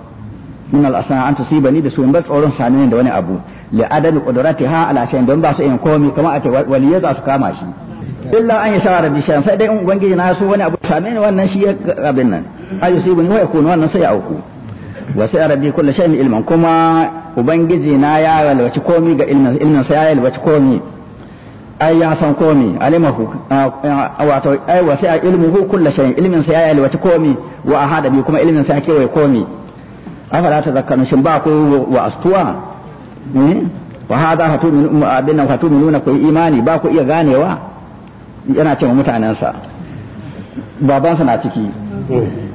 min al asana an ni da su ban tsoron sani ne da wani abu li adami ha ala shay'in don ba su in komi kamar a ce ya za su kama shi illa an yasha rabbi shay'an sai dai in ubangiji na so wani abu same ni wannan shi abin nan ni wa yakunu wannan sai ya auku wa sai rabbi kullu shay'in ilman kuma ubangiji na ya yalwaci komi ga ilmin ilmin sai ya yalwaci komi ai ya san komi alimahu wato ai sai a ilmuhu kullu shay'in ilmin sai ya alwata komi wa ahada bi kuma ilmin sai ya kewaye komi afala ta zakkanu shin ba ku wa astuwa eh? wa hada hatu min abin nan hatu minuna ku imani ba ku iya ganewa yana cewa mutanansa babansa na ciki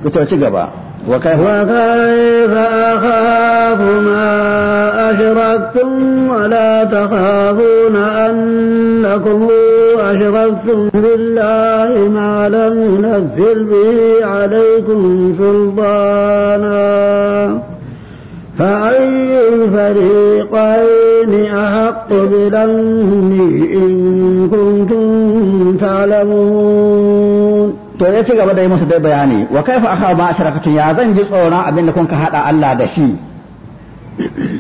ku mm. ci gaba وكيف أخاف ما أشركتم ولا تخافون أنكم أشركتم بالله ما لم ينزل به عليكم سلطانا فأي الفريقين أحق بالأمن إن كنتم تعلمون to ya ci gaba da yi masa dai bayani wa kaifa aka ma asharakatun ya zan ji tsoron abin da kun ka hada Allah da shi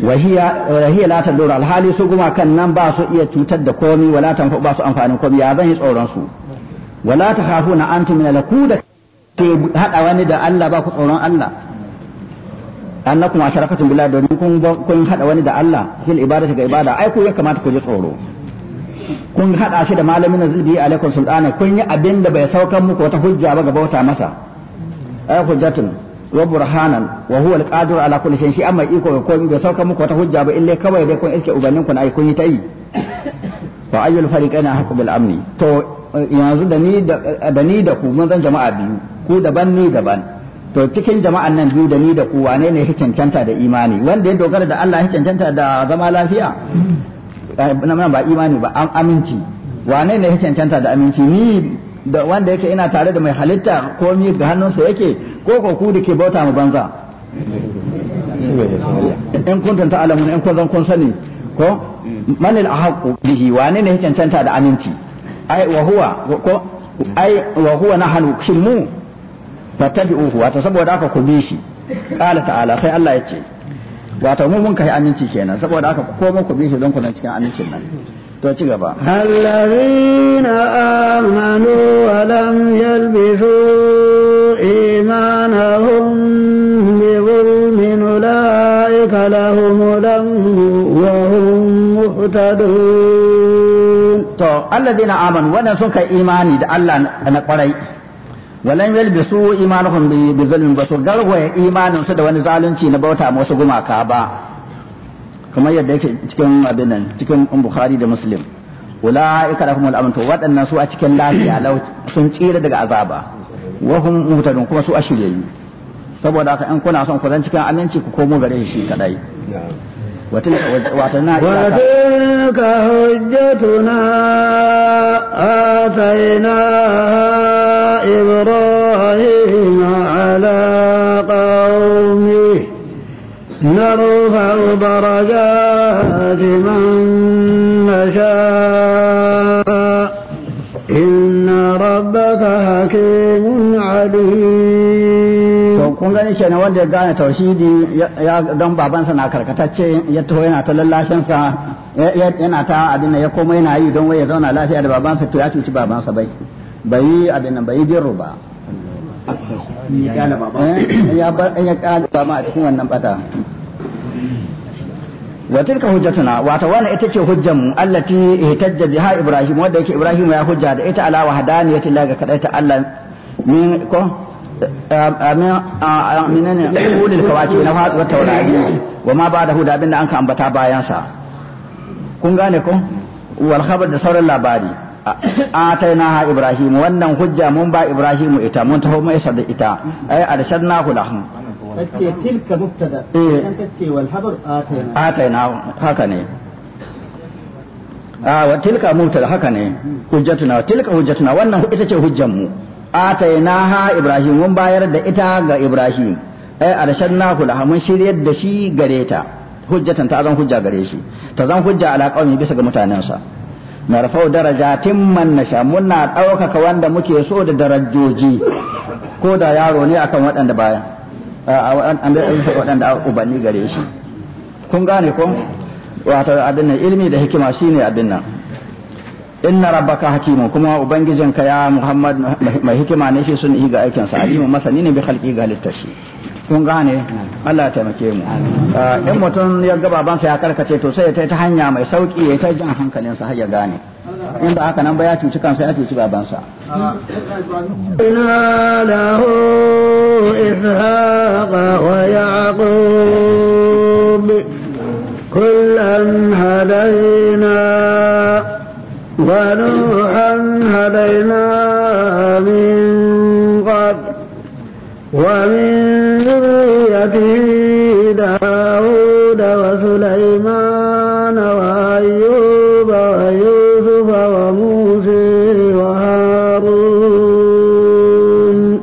wa hiya la tadur alhali su kuma kan nan ba su iya cutar da komi wala tanfa ba su amfanin komi ya zan yi tsoron su wala takhafuna antum min da ke hada wani da Allah ba ku tsoron Allah annakum asharakatun billah domin kun kun hada wani da Allah fil ibadati ga ibada ai ku ya kamata ku ji tsoro kun hada shi da malamin nazil bihi alaikum sultana kun yi abin da bai saukan muku wata hujja ba ga bauta masa ay hujjatun wa burhanan wa huwa alqadir ala kulli shay'in shi amma iko ko bai saukan muku wata hujja ba illai kawai dai kun iske ubannin ku ai kun yi ta yi wa ayyul fariqain haqqu bil amni to yanzu da ni da ni da ku mun zan jama'a biyu ku daban ni daban to cikin jama'an nan biyu da ni da ku wane ne ya cancanta da imani wanda ya dogara da Allah ya cancanta da zama lafiya Eh, nan ba imani ba an aminci wane ne yake cancanta da aminci ni da wanda yake ina tare da mai halitta ko mi ga hannunsa yake ko ko ku da ke bauta mu banza in tanta alamu in kun zan kun sani ko manil al bihi wane ne yake cancanta da aminci ai wa huwa ko ai wa huwa nahnu kullu fattabi'uhu wa saboda haka ku bi shi qala ta'ala sai Allah ya ce wato mu mun kai aminci kenan saboda haka ku mu ku bishi don ku nan cikin amincin nan to ci gaba allazina amanu wa lam yalbisu imanahum bi zulmin ulaika lahum lam wa hum muhtadun to allazina amanu wannan sun kai imani da Allah na kwarai walan yalbisu imanuhum bi zulmin basu garwaya imanin su da wani zalunci na bauta wasu gumaka ba kamar yadda yake cikin abinan cikin bukhari da muslim ulaika al amn to waɗannan su a cikin lafiya lau sun tsira daga azaba wa hum mutadun kuma su a shiryayyu saboda haka in kuna son ku zan cikin aminci ku komo gare shi kadai وتلك حجتنا آتينا إبراهيم على قومه نرفع درجات من نشاء إن ربك حكيم عليم kun gani kenan wanda ya gane tauhidi ya don babansa na karkatacce ya taho yana ta lallashinsa yana ta abin ya koma yana yi don ya zauna lafiya da babansa to ya cuci babansa bai bai yi abin nan bai yi biro ba eh, ya bar ya kala baba a cikin wannan bata wa tilka hujjatuna wato wannan ita ce hujjar mu allati ihtajja biha ibrahim wanda yake ibrahim ya hujja da ita ala wahdaniyati la ga kadaita Allah min ko menene ulil kawaki na fatsuwar taurari wa ma ba da huda abinda an ka ambata bayansa kun gane ko wal khabar da sauran labari ataina ha ibrahim wannan hujja mun ba ibrahim ita mun taho mai da ita ai arshadna ku da hun kace tilka mubtada kan kace wal khabar ataina ataina haka ne a wa tilka mubtada haka ne hujjatuna tilka hujjatuna wannan ita ce hujjan mu atainaha ibrahim mun bayar da ita ga ibrahim ai arshadnahu laha mun shiryar da shi gare ta hujjatan ta zan hujja gare shi ta zan hujja ala qaumi bisa ga mutanensa narfau darajatin man nasha muna ɗaukaka wanda muke so da darajoji ko da yaro ne akan waɗanda baya an da waɗanda ubanni gare shi kun gane ko wato abin nan ilimi da hikima shine abin nan inna rabbaka hakimun kuma ubangijinka ya muhammad mai hikima ne shi sun yi ga aikin sa alimu masani ne bi khalqi ga littashi kun gane Allah ya taimake mu ah, in mutum ya ga babansa ya karkace to sai ya ta hanya mai sauki ya ta jin hankalinsa har ya gane in ba haka nan ba ya cuci kansa ya cuci babansa ina lahu ishaqa wa yaqub kullam hadaina ونوحا هدينا من قبل ومن ذريته داود وسليمان وأيوب ويوسف وموسى وهارون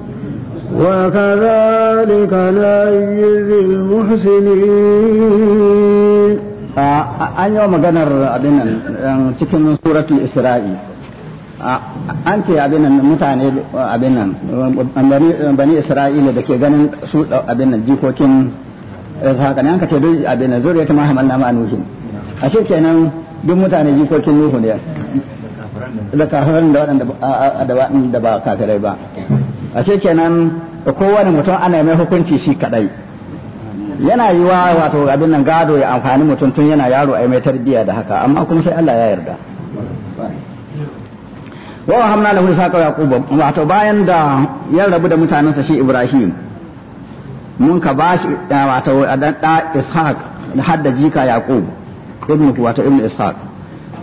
وكذلك نجزي المحسنين an yi maganar abin nan um, cikin suratul isra'i an ce abin nan mutane abin nan bani isra'ila da ke ganin su abin nan jikokin eh, haka ne an ka ce duk abinan nan ta mahimman na ma'anuhu a shi kenan duk mutane jikokin nuhu ne da kafirin da waɗanda ba kafirai ba a shi kenan kowane mutum ana mai hukunci shi kadai yana yi wa wato abin nan gado ya amfani mutum tun yana yaro a mai tarbiyya da haka amma kuma sai Allah ya yarda wa hamna lahu saqa yaqub wato bayan da ya rabu da mutanansa shi ibrahim mun ka bashi wato da ishaq da hadda jika yaqub ibnu wato ibnu ishaq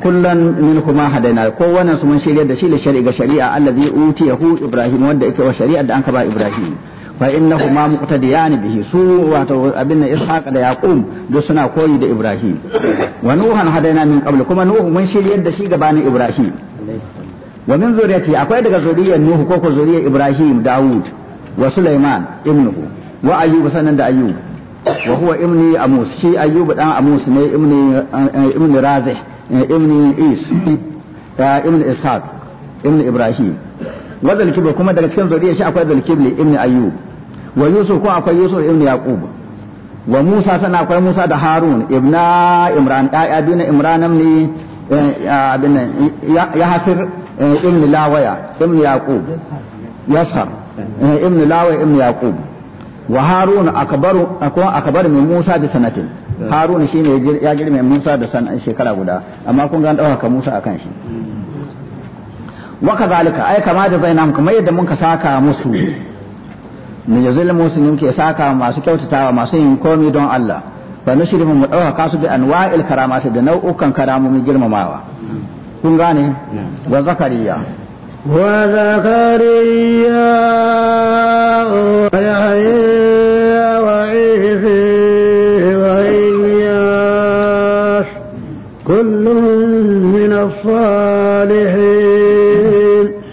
kullan min kuma hadaina ko wannan su mun shirya da shi da shari'a ga shari'a allazi utiyahu ibrahim wanda yake wa shari'a da an ka ba ibrahim fa innahu ma muqtadiyan bihi su wato abin na ishaq da yaqum duk suna koyi da ibrahim wa nuhan hadaina min qabl kuma nuhu mun shiryar da shi gabanin ibrahim wa min zuriyati akwai daga zuriyar nuhu ko ko zuriyar ibrahim daud wa sulaiman ibnuhu wa ayyub sanan da ayyub wa huwa ibni amus shi ayyub dan amus ne ibni eh, ibni razih eh, ibni is eh, ibni ishaq ibni ibrahim wa zulkifl kuma daga cikin zuriyar shi akwai zulkifl ibn ayyub wa yusuf ko akwai yusuf ibn yaqub wa musa sana akwai musa da harun ibn imran ɗaya biyu na imran ne eh, abin ya hasir eh, ibn lawaya ibn yaqub yashar eh, ibn lawaya ibn yaqub wa harun akbaru akwai akbar min musa da sanatin harun shine ya girme musa da shekara guda amma kun ga an dauka musa akan shi waka zalika ai kama da namu kamar yadda muka saka musu ne yazil ne ke saka masu kyautatawa masu yin komai don Allah fa nushrimu mu dauka kasu bi anwa'il karamata da nau'ukan karamomin girmamawa kun gane wa zakariya wa zakariya wa yahya wa ifi wa iyyas kullun min as-salihin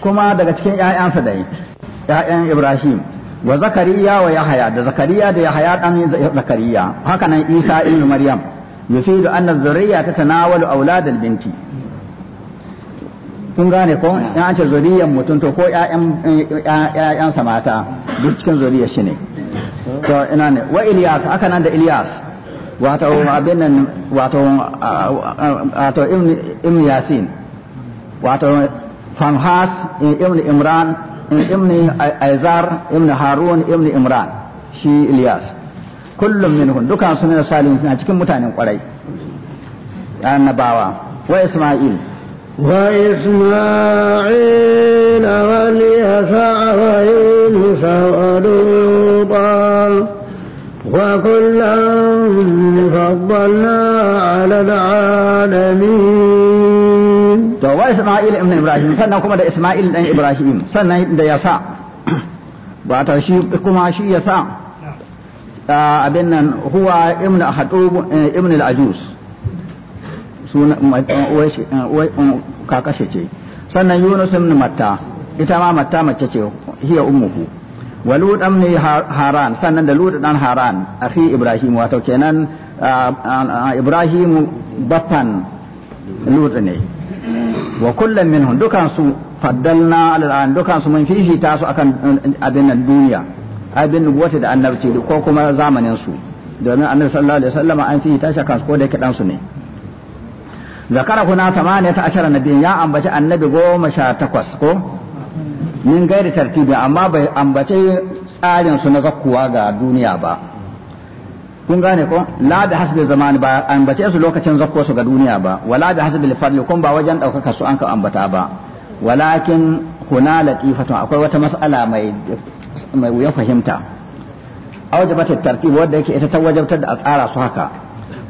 kuma daga cikin ‘ya'yansa da yi ‘ya'yan Ibrahim wa Zakariya wa Yahaya da Zakariya da Yahaya ɗan Zakariya haka nan Isa ibn Maryam yufidu anna zurriya ta tanawalu auladal binti kun gane ko in an ce zuriyar mutum to ko ‘ya'yansa mata duk cikin zuriyar shi ne to ina ne wa Ilyas haka nan da Ilyas wato abin nan wato wato ibn Yasin wato فنحاس ابن إمران ابن أيزار ابن هارون ابن إمران شي إلياس كل منهم دكان سنة سالين cikin mutanen kwarai annabawa wa Isma'il وإسماعيل واليسع ويونس ولوطا وكلا فضلنا على العالمين Isma'il ibn Ibrahim sannan kuma da Isma'il dan Ibrahim sannan da Yasa ba ta shi kuma shi Yasa abin nan huwa ibn Hadub eh, ibn al-Ajus suna eh, um, kakashe ce sannan Yunus ibn Matta ita ma Matta mace ce hiya ummuhu wa Lut ibn Haran sannan da Lut dan Haran akhi Ibrahim wato kenan Ibrahim baffan Lut ne wa kullum minhum dukan su faddalna al'an dukan su mun fifita su akan eh, abin nan duniya abin nubuwata da annabci ko kuma zamanin su domin annabi sallallahu alaihi wasallam an fifita shi su ko da yake dan su ne zakara kuna ta ashara nabiyin ya ambaci annabi goma sha takwas ko min gairi tartibi amma bai ambace tsarin su na zakkuwa ga duniya ba kun gane ko la da hasbi ba ambace su lokacin zakko ga duniya ba wala da hasbi fadli kun ba wajen daukaka su an ka ambata ba walakin kuna latifatu akwai wata mas'ala mai mai wuya fahimta awjabat tartib wanda yake ita ta wajabtar da a tsara su haka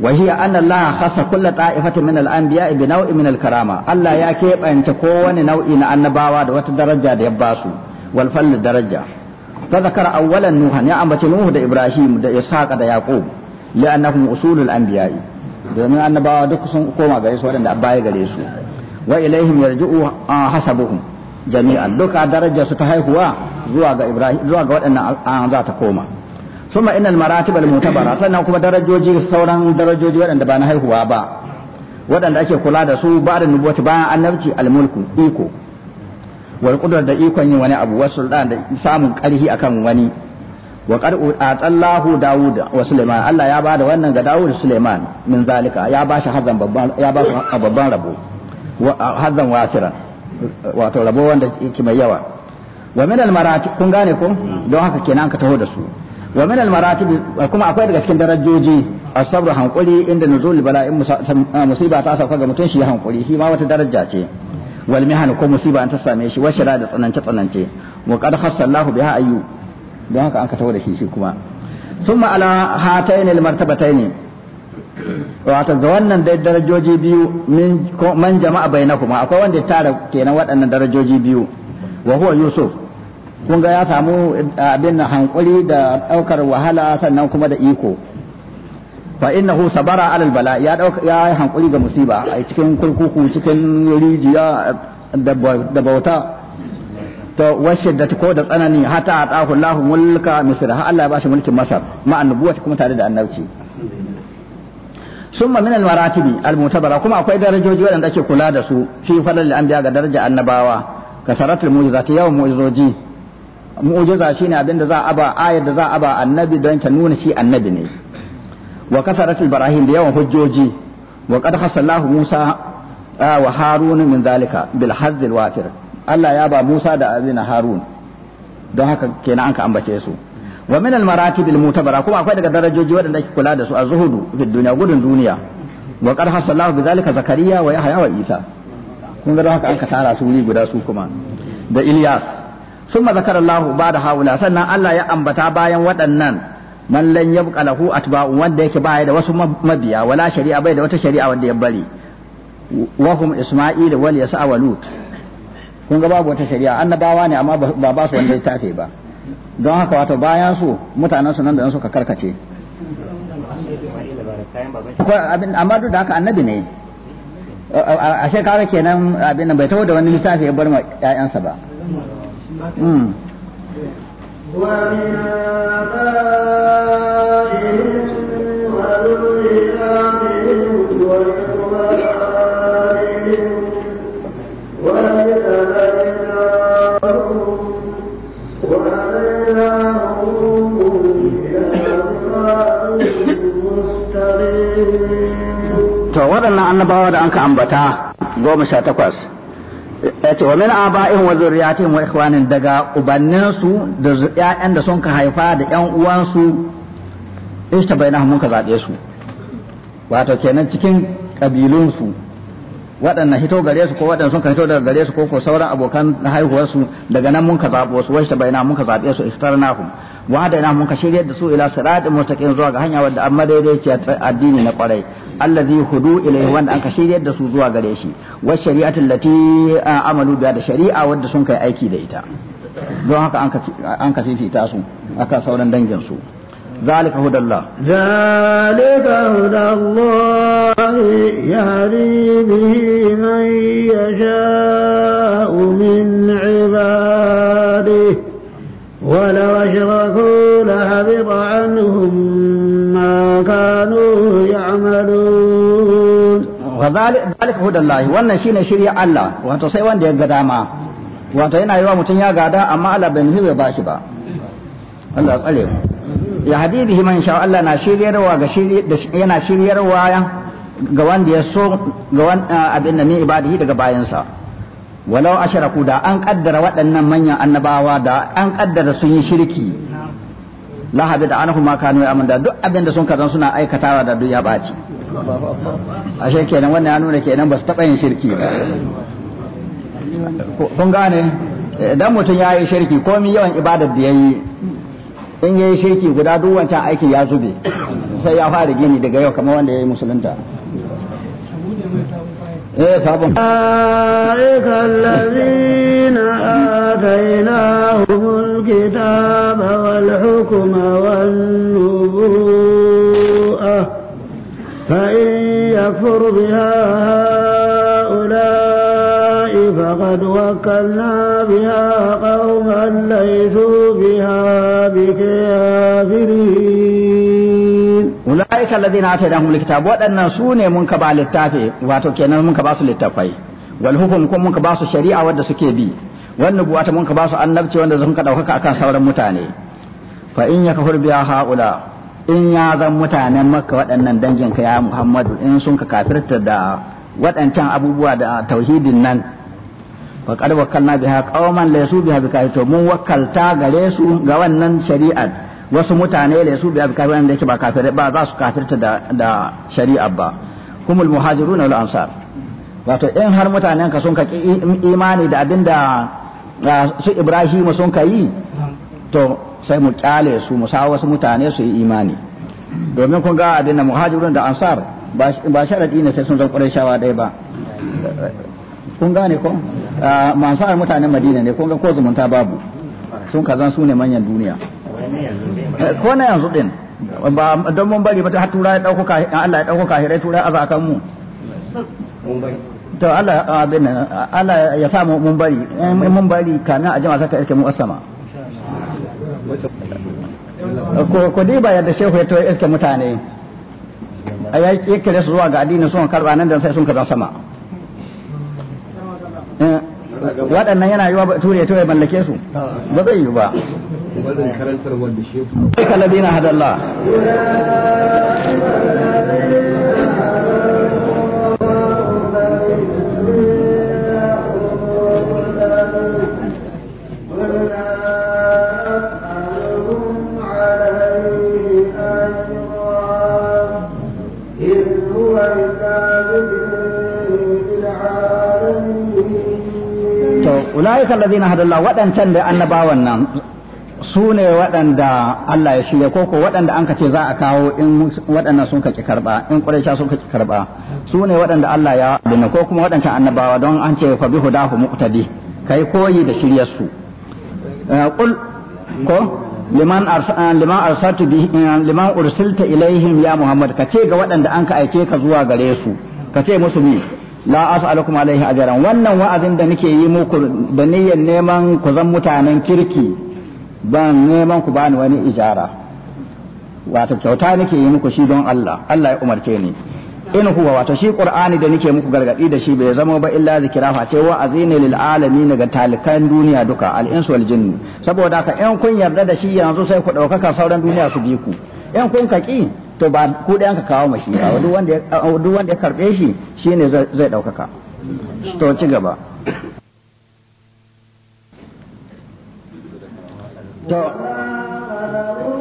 wa hiya anna allaha khassa kull ta'ifatin min al-anbiya bi naw'in min al-karama Allah ya keɓance kowane nau'i na annabawa da wata daraja da ya basu wal daraja fa zakara awwalan nuhan ya ambace nuhu da ibrahim da ishaq da yaqub li'annahum usulul anbiya'i domin annabawa duk sun koma gare su waɗanda baya gare su wa ilaihim yarji'u hasabuhum jami'an duka darajar ta haihuwa zuwa ga waɗannan za ta koma summa innal maratibal mota mutabara sannan kuma darajoji sauran darajoji waɗanda ba na haihuwa ba waɗanda ake kula da su ba da nubuwati bayan annabci al mulku iko wal qudrat da ikon yin wani abu wasu da samun karhi akan wani wa qad atallahu daud wa sulaiman Allah ya bada wannan ga daud da sulaiman min zalika ya ba shi hazan babban ya ba shi babban rabo hazan wasiran wato rabo wanda yake mai yawa wa min al kun gane ko don haka kenan ka taho da su wa min al kuma akwai daga cikin darajoji asabru hankuri inda nuzul bala'in musiba ta sauka ga mutum shi hankuri shi ma wata daraja ce wal ko musiba an ta same shi washara da tsanance tsanance wa qad khassallahu biha ayyu don haka aka tawo da shi shi kuma thumma ala hatayn al martabatayn wato ga wannan dai darajoji biyu min man jama'a bainakuma akwai wanda ya tara kenan waɗannan darajoji biyu wa yusuf kunga ya samu eh, abin hankuri da ɗaukar wahala sannan kuma da iko fa innahu sabara alal bala ya dauka ya hankuri ga musiba a cikin kurkuku cikin rijiya da bauta to washiddati ko da tsanani hatta atahu Allahu mulka misr ha Allah ya bashi mulkin masar ma annabuwa kuma tare da annabci summa min al-maratibi al-mutabara kuma akwai darajoji waɗanda ake kula da su fi falal anbiya ga daraja annabawa kasaratul mu'jizati yawan mu'jizoji mu'jiza shine abinda za a ba ayar da za a ba annabi don ta nuna shi annabi ne wa kasaratul barahim da yawan hujjoji wa qad hasallahu Musa wa Harun min zalika bil hazzil wafir Allah ya ba Musa da azina Harun don haka kenan an ka ambace su wa min al maratib al mutabara kuma akwai daga darajoji waɗanda ake kula da su a zuhudu fi duniya gudun duniya wa qad hasallahu Zakariya wa Yahaya wa Isa kun ga haka an ka tara guda su da Ilyas ثم ذكر الله بعد هؤلاء sannan Allah ya ambata bayan waɗannan man lan yabqa lahu atba'u wanda yake baya da wasu mabiya wala shari'a bai da wata shari'a wanda ya bari wa hum isma'il wal yasa wa lut kun ga babu wata shari'a annabawa ne amma ba ba su wanda tafe ba don haka wato bayan su mutanen su nan da nan suka karkace amma duk da haka annabi ne a shekara kenan abin nan bai taho da wani littafi ya bar ma 'ya'yansa ba hmm. To waɗannan annabawa da anka ambata goma sha takwas. yace wa min aba'ihim wa zurriyatihim wa ikhwanin daga ubannin su da ƴaƴan da sun ka haifa da ƴan uwan su ishtabainahum mun ka zabe su wato kenan cikin kabilun su waɗannan hito gare su ko waɗanda sun ka hito daga gare su ko ko sauran abokan haihuwar su daga nan mun ka zabo su washtabaina mun ka zabe su ikhtarnahum wada ina mun ka shiryar da su ila siratin mustaqim zuwa ga hanya wadda amma daidai ce addini na kwarai allazi hudu ilaihi wanda an ka shiryar da su zuwa gare shi wa shari'atu allati amalu biha da shari'a wadda sun kai aiki da ita don haka an ka ta su aka sauran dangin su ذلك هدى الله ذلك هدى الله يهدي به من يشاء من عباده وحبط عنهم ما كانوا يعملون وذلك هدى الله وانا شين شريع الله وانتو سيوان دي قداما وانتو ينا يوا متن يا قادا اما على بنه وباشي با الله ya hadi bihi man sha Allah na shiryarwa ga shiri yana shiryarwa ga wanda ya so ga abin da min ibadihi daga bayansa walau asharaku da an kaddara waɗannan manyan annabawa da an kaddara sun yi shirki la da anahu ma kanu ya da duk abin da sun kazan suna aikatawa da duk ya baci ashe kenan wannan ya nuna kenan ba su taba yin shirki ba kun gane idan mutum ya yi shirki komi yawan ibadar da ya yi in ya yi shirki guda duk wancan aikin ya zube sai ya fara gini daga yau kamar wanda ya yi musulunta إيه أولئك الذين آتيناهم الكتاب والحكم والنبوءة فإن يكفر بها هؤلاء فقد وكلنا بها قوما ليسوا ulaika alladhina atainahum alkitab wadannan su ne mun ka ba littafi wato kenan mun ka ba su littafai wal hukum kuma mun ka ba su shari'a wadda suke bi wan nubuwata mun ka ba su annabci wanda sun ka dauka akan sauran mutane fa in yakfur biha haula in ya zan mutanen makka waɗannan dangin ka ya muhammadu in sun ka kafirta da waɗancan abubuwa da tauhidin nan fa qad wakkalna biha qauman laysu biha bikafir to mun wakkalta gare su ga wannan shari'ar wasu mutane da su biya kafir da yake ba kafir ba za su kafirta da da shari'a ba kumul muhajirun wal ansar wato in har mutanen ka sun ka imani da abinda su Ibrahim sun ka yi to sai mu kyale su mu sawo wasu mutane su yi imani domin kun ga abin da muhajirun da ansar ba sharadi ne sai sun zan shawa dai ba kun gane ko masu mutanen madina ne kun ga ko zumunta babu sun kazan su ne manyan duniya ko na yanzu din ba don mun bari ba har tura ya dauko ka Allah ya dauko hirai tura a kan mu to Allah abin Allah ya sa mu mun bari mun bari kana a jama'a saka iske mu asama ko ko dai ba yadda shehu ya to iske mutane a ya kire su zuwa ga addini sun karba nan da sai sun zan sama eh, waɗannan yana yi wa ture to ya mallake su ba zai yi ba barin karantar wanda shehu kai kalabina hadallah ulaika allazina hadallah wadancan da annabawan nan su ne waɗanda Allah ya shirya koko waɗanda an ce za a kawo in waɗannan sun kaki karɓa in ƙuraisha sun kaki karɓa su ne waɗanda Allah ya dina ko kuma waɗancan annabawa don an ce fa bi dahu muqtadi kai koyi da shiryar su eh, qul ko liman eh, liman arsaltu eh, liman ursilta ilaihim ya muhammad ka ce ga waɗanda an ka aike ka zuwa gare su ka ce musu bi la as'alukum alaihi ajran wannan wa'azin da nake yi muku da niyyar neman ku zan mutanen kirki ban neman ku bani wani ijara wato kyauta nake yi muku shi don Allah Allah ya umarce ni in huwa wato shi qur'ani da nake muku gargadi da shi bai zama ba illa zikira fa ce wa azina lil alamin ga talikan duniya duka al ins wal jinn saboda ka in kun yarda da shi yanzu sai ku daukaka sauran duniya su bi ku in kun kaki to ba ku da ka kawo mashi duk wanda ya karɓe shi shine zai ɗaukaka to ci gaba Don't.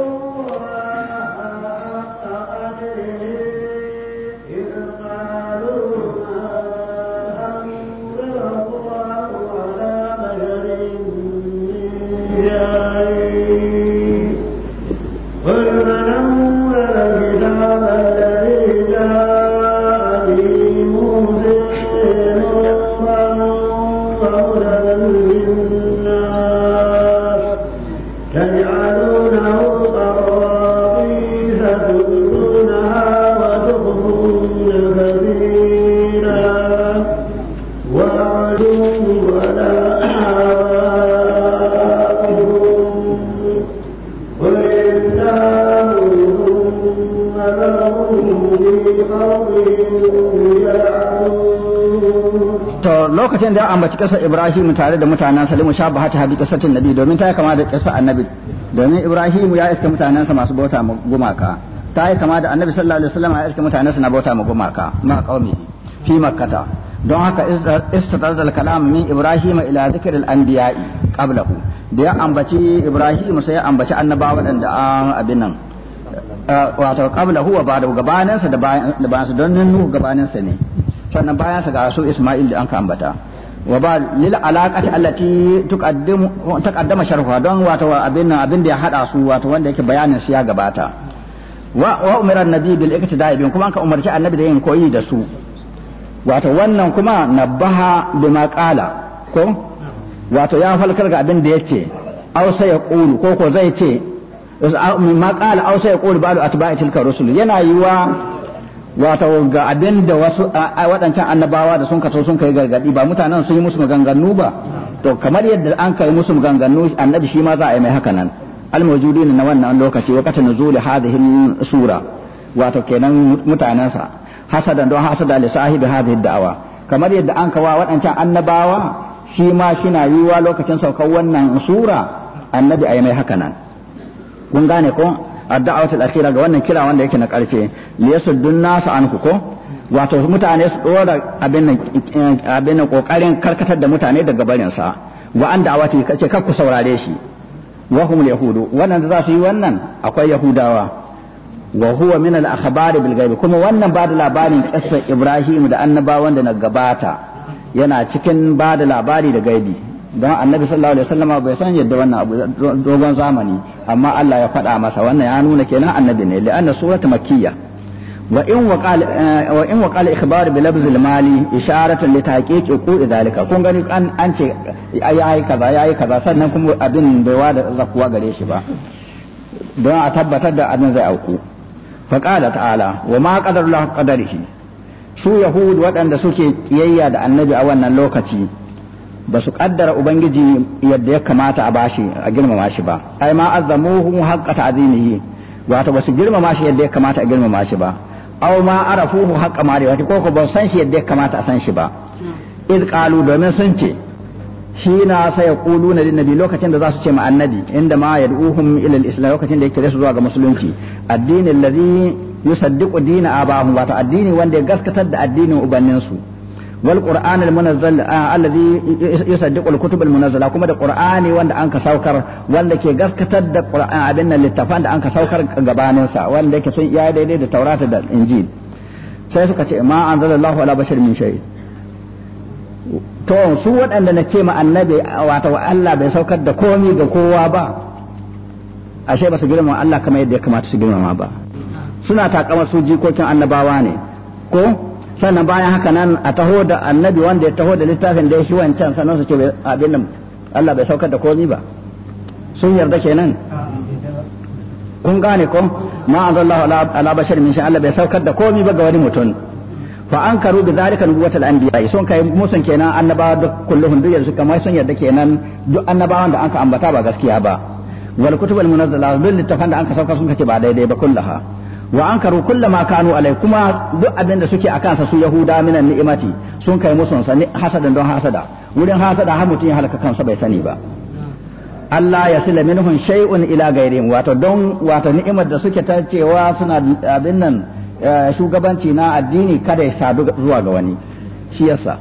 lokacin da ambaci kasar Ibrahim tare da mutanen sa limu shabaha ta habi tun nabi domin ta yi kama da kasar annabi domin Ibrahim ya iska mutanen sa masu bauta ma gumaka ta yi kama da annabi sallallahu alaihi wasallam ya iska mutanen sa na bauta ma gumaka ma qaumi fi makkata don haka istadal kalam min Ibrahim ila zikr al anbiya'i qablahu da ya ambaci Ibrahim sai ya ambaci annabawa waɗanda abin nan eh, wato qablahu wa ba'da gabanin sa da bayan sa don nuhu gabanin sa ne sannan bayan sa ga su Isma'il da an ka ambata wa ba lil alaqati allati tuqaddimu taqaddama sharhuha don wato abin abin da ya hada su wato wanda yake bayanin su ya gabata wa wa umira annabi bil iktida'i bin kuma an ka umarci annabi da yin koyi da su wato wannan kuma nabaha bima qala ko wato ya falkar ga abin da yake aw sai ya qulu ko ko zai ce ma qala aw sai ya qulu ba'du atba'i tilka rusul yana yiwa wato ga abin da wasu waɗancan annabawa da sun kaso sun kai gargadi ba mutanen sun yi musu maganganu ba to kamar yadda an kai musu maganganu annabi shi ma za a yi mai haka nan almawjudin na wannan lokaci wakata nuzuli hadhihi sura wato kenan sa hasadan don hasada li sahibi hadhihi da'awa kamar yadda an kawa waɗancan annabawa shi ma shina yiwa lokacin saukar wannan sura annabi a yi mai haka nan kun gane ko adda dawat al-akhira ga wannan kira wanda yake na karshe liyasuddun an anku ko wato mutane su dora abin abin kokarin karkatar da mutane daga barin sa wa an da'awati kace kar ku saurare shi wa humul yahudu wannan za su yi wannan akwai yahudawa wa huwa min al-akhbari bil ghaib kuma wannan ba da labarin kissar Ibrahim da annabawan da na gabata yana cikin ba da labari da gaibi don annabi sallallahu alaihi wasallama bai san yadda wannan abu dogon zamani amma Allah ya faɗa masa wannan ya nuna kenan annabi ne li'anna surata makkiya wa in wa qala eh, wa in wa qala ikhbar bi labz al mali isharatan li tahqiq kun gani an an ce yayi kaza yayi kaza sannan kuma abin bai wada zakuwa gare shi ba don a tabbatar da abin zai auku fa qala ta'ala wa ma qadarullahu qadarihi su yahud waɗanda suke kiyayya da annabi a wannan lokaci ba su kaddara ubangiji yadda ya kamata a bashi a girmama shi ba ai ma azamuhu haqqa ta'zimihi wato ba su girmama shi yadda ya kamata a girmama shi ba aw ma arafuhu haqqa ma'rifati ko ko ba san shi yadda ya kamata a san shi ba hmm. id qalu domin sun ce shi na sai ya kulu na nabi lokacin da za su ce ma annabi inda ma yad'uhum ila al-islam lokacin da yake su zuwa ga musulunci addinin ladhi yusaddiqu dina abahum wato addini wanda ya gaskatar da addinin ubanninsu wal qur'an al ah, kuma da qur'ani wanda anka saukar wanda ke gaskatar da qur'an ah, abin nan littafan da anka saukar gabanin wanda yake sun iya daidai da taurata da injil sai suka ce ma anzalallahu ala bashar min shay to su waɗanda na ce ma annabi wato Allah bai saukar da komi ga kowa ba ashe ba su girmama Allah kamar yadda ya kamata su girmama ba suna takamar su jikokin annabawa ne ko sannan bayan haka nan a taho da annabi wanda ya taho da littafin da ya shi wancan sannan su ce abin nan Allah bai saukar da komi ba sun yarda kenan kun gane ko ma azallahu ala bashar min sha Allah bai saukar da komi ba ga wani mutum fa an karu bi zalika nubuwatul anbiya sun kai musun kenan annabawa duk kulluhun duk yanzu kamar sun yarda kenan duk annabawan da anka ambata ba gaskiya ba wal kutubul munazzala duk littafan da anka sauka sun kace ba daidai ba kullaha wa ankaru ma kanu alai kuma duk abin da suke akan sa su yahuda minan ni'imati sun kai musu sani hasadan don hasada wurin hasada har mutum ya halaka kansa bai sani ba Allah ya sila minhum shay'un ila ghairihim wato don wato ni'imar da suke ta cewa suna abin nan eh, shugabanci na addini kada ya sadu zuwa ga wani shi yasa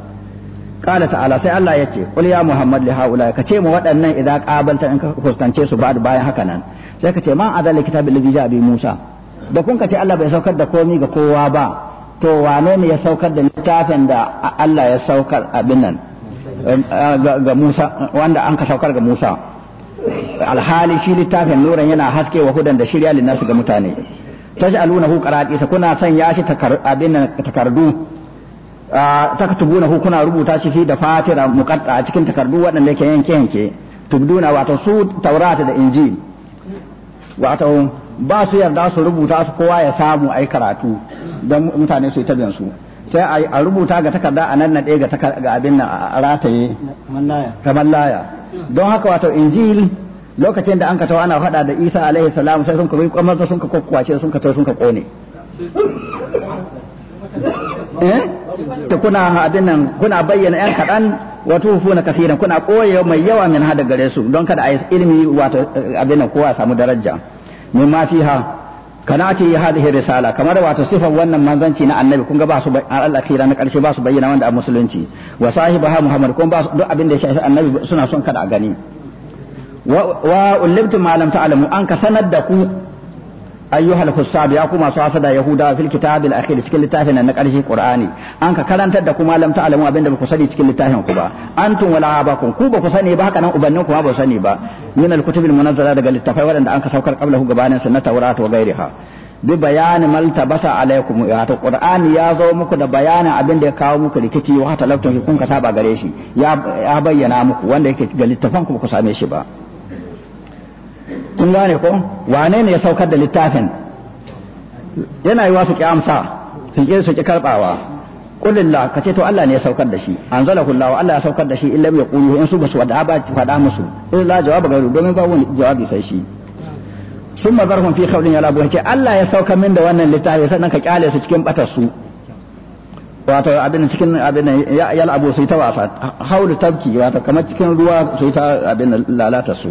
qala ta'ala sai Allah ya ce qul ya muhammad li haula ka ce mu waɗannan idan qabalta in ka fuskance su ba bayan haka nan sai ka ce man adalla likita ladhi bi musa da kun kace Allah bai saukar da komi ga kowa ba to wane ne ya saukar da littafin da Allah ya saukar abin nan um, uh, ga Musa wanda an ka saukar ga Musa alhali shi littafin nuran yana haske wa hudan da shirya linnasu ga mutane taj'alunahu qara'isa kuna san ya shi abin nan takardu uh, taktubunahu kuna rubuta shi fi da fatira muqatta a cikin takardu waɗanda yake yanke yanke tubduna wato su taurata da injil wato ba su yarda su rubuta su kowa ya samu ai karatu don mutane su yi tabin su sai a rubuta ga takarda a nan naɗe ga abin nan a rataye ta mallaya don haka wato injil lokacin da an ka tawa ana faɗa da isa alaihi salam sai sun ka kai maza sun ka kwakwace sun ka tawa sun ka kone eh ta kuna abin nan kuna bayyana yan kaɗan wato funa kafiran kuna koyewa mai yawa min hada gare su don kada a yi ilimi wato abin nan kowa samu daraja mimma fiha kana ce ya hadhihi risala kamar wato sifar wannan manzanci na annabi kun ga ba su al-akhira na karshe ba su bayyana wanda a musulunci wa sahibaha muhammad kun ba su duk abin da ya shafi annabi suna son kada a gani wa ulibtu ma lam ta'lamu an ka sanar da ku ayyuhal hussab ya kuma su hasada yahuda fil kitabil akhir cikin littafin nan na karshe qur'ani an ka karantar da kuma lam ta'lamu abinda ba ku sani cikin littafin ku ba antum wala abakum ku ba ku sani ba haka nan ubannin ku ma ba sani ba min al kutubil munazzala daga littafai waɗanda an ka saukar qablahu gabanin sunnat tawrat wa ghairiha bi bayani maltabasa alaikum wato qur'ani ya zo muku da bayanin abin da ya kawo muku rikici wa talabtun kun ka saba gare shi ya bayyana muku wanda yake ga littafan ku ku same shi ba kun gane ko wane ne ya saukar da littafin yana yi wasu ki amsa su ki su ki karbawa kulillah ka ce to Allah ne ya saukar da shi anzalahu Allah Allah ya saukar da shi illam yaqulu in su basu wada ba fada musu illa jawaba gairu domin ba wani jawabi sai shi sun mazarhun fi khawlin yala bu ce Allah ya saukar min da wannan littafi sannan ka kyale su cikin batarsu. wato abin cikin abin yala abu sai ta wasa haulu tabki wato kamar cikin ruwa sai ta abin lalata su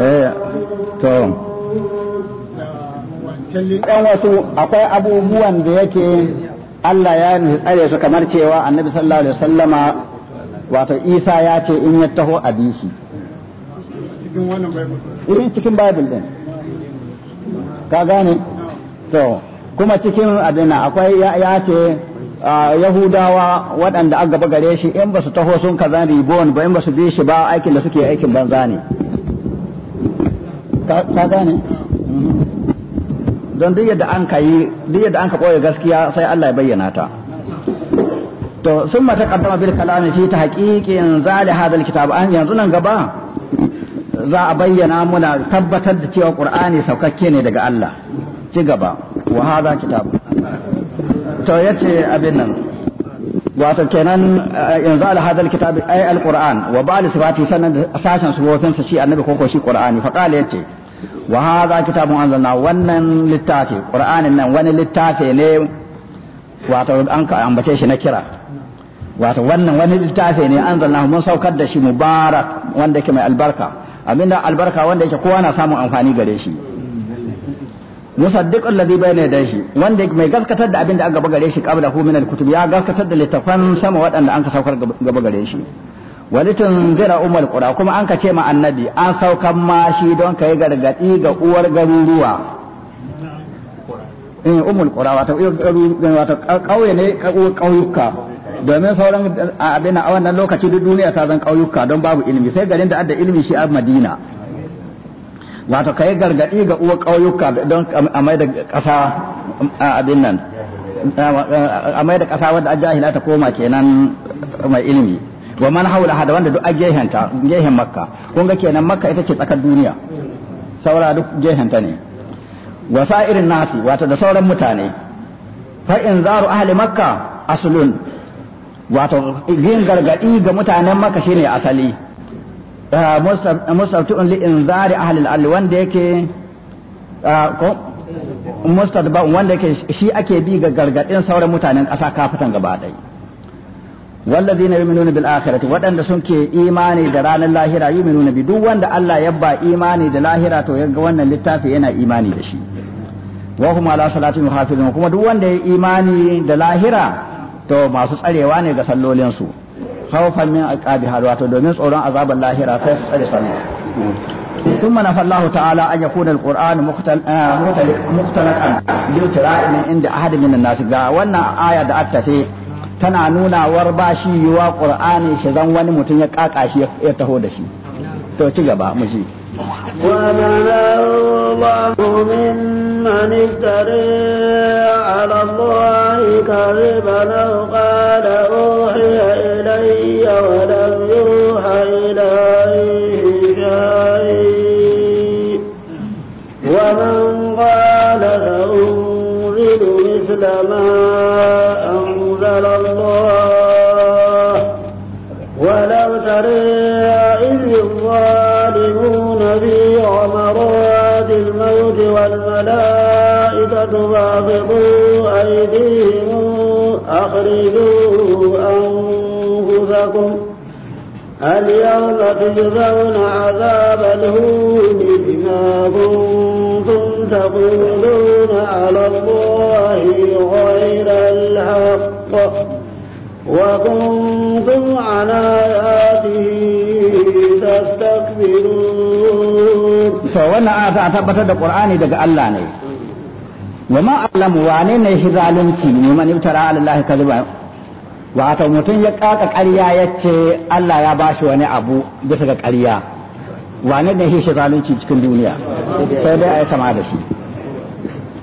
Eh, to wasu akwai abubuwan da yake Allah ya tsare su kamar cewa annabi sallallahu alaihi wasallama wato Isa ya ce in ya taho a bi shi cikin bible eh, cikin bible din ka gane to kuma cikin abin akwai ya ce yahudawa waɗanda an gaba gare shi in ba su taho sun kaza ribon ba in ba su bi shi ba aikin da suke aikin banza ne ka gane don duk yadda an ka yi duk yadda an ka ɓoye gaskiya sai Allah ya bayyana ta to sun mata kaddama bil kalami fi ta haqiqin zali hadal kitab an yanzu nan gaba za a bayyana muna tabbatar da cewa qur'ani saukakke ne daga Allah ci gaba wa hadha kitab to yace abin nan wato kenan eh, yanzu ala hadal kitab ay alquran wa ba'al sifati sanan sashen sifofin sa shi annabi koko shi qur'ani fa qala yace wa hadha kitabun anzalna wannan littafi qur'anin nan wani littafi ne wato an ka ambace shi na kira wato wannan wani littafi ne anzalna mun saukar da shi mubarak wanda yake mai albarka abinda albarka wanda yake kowa na samun amfani gare shi musaddiq alladhi bayna yadayhi wanda mai gaskatar da abin da aka gare shi qabla hu min al ya gaskatar da littafan sama waɗanda an ka saukar gaba gare shi walitun zira umar qura kuma an ka ce ma annabi an saukar ma shi don kai gargadi ga uwar garuruwa in eh, umul qura wato wato kauye ne kauyuka domin sauran abin a wannan lokaci duk duniya ta zan kauyuka don babu ilimi sai garin da adda ilimi shi a madina wato ka yi gargaɗi ga uwa ƙauyuka don a mai da ƙasa abin nan a mai da ƙasa wadda ajahila ta koma kenan mai ilimi wa man haula hada wanda duk a gehenta gehen makka kun ga kenan makka ita ce tsakar duniya saura duk gehenta ne wa sa'irin nasi wato da sauran mutane fa in zaru ahli makka asulun wato yin gargaɗi ga mutanen makka shine asali mustaftu'un li inzari ahli al wanda yake ko mustadba wanda yake shi ake bi ga gargadin sauran mutanen ƙasa kafatan gaba ɗaya wallazina yu'minuna bil akhirati waɗanda suke imani da ranar lahira yu'minuna bi duk wanda Allah ya ba imani da lahira to yaga wannan littafi yana imani da shi wa hum ala salatihim hafizun kuma duk wanda ya imani da lahira to masu tsarewa ne ga sallolin su khawfan min aqabiha wato domin tsoron azabar lahira sai su tsare mana ثم نفى الله تعالى أن يكون القرآن مختلقا بالتراء من عند أحد من الناس وأن آية دعت فيه tana nuna war ba shi yiwa Ƙur'ani shi zan wani mutum ya kaka shi ya taho da shi to ci gaba mu ji ومن إلي ولم يوحى إليه شيء ومن قال سأنزل مثل ما أنزل الله ولو ترى إذ الظالمون في غمرات الموت والملائكة باسطوا أيديهم أخرجوا ربكم اليوم تجزون عذاب الهون بما كنتم تقولون على الله غير الحق وكنتم عن آياته تستكبرون فوانا آتا تبتد القرآن دقاء الله ne wa ma alamu wane ne shi zalunci ne man ibtara ala Allah kadiba wato mutum ya kaka ƙarya ya ce Allah ya ba shi wani abu bisa ga ƙarya wane ne shi zalunci cikin duniya sai dai a yi sama da shi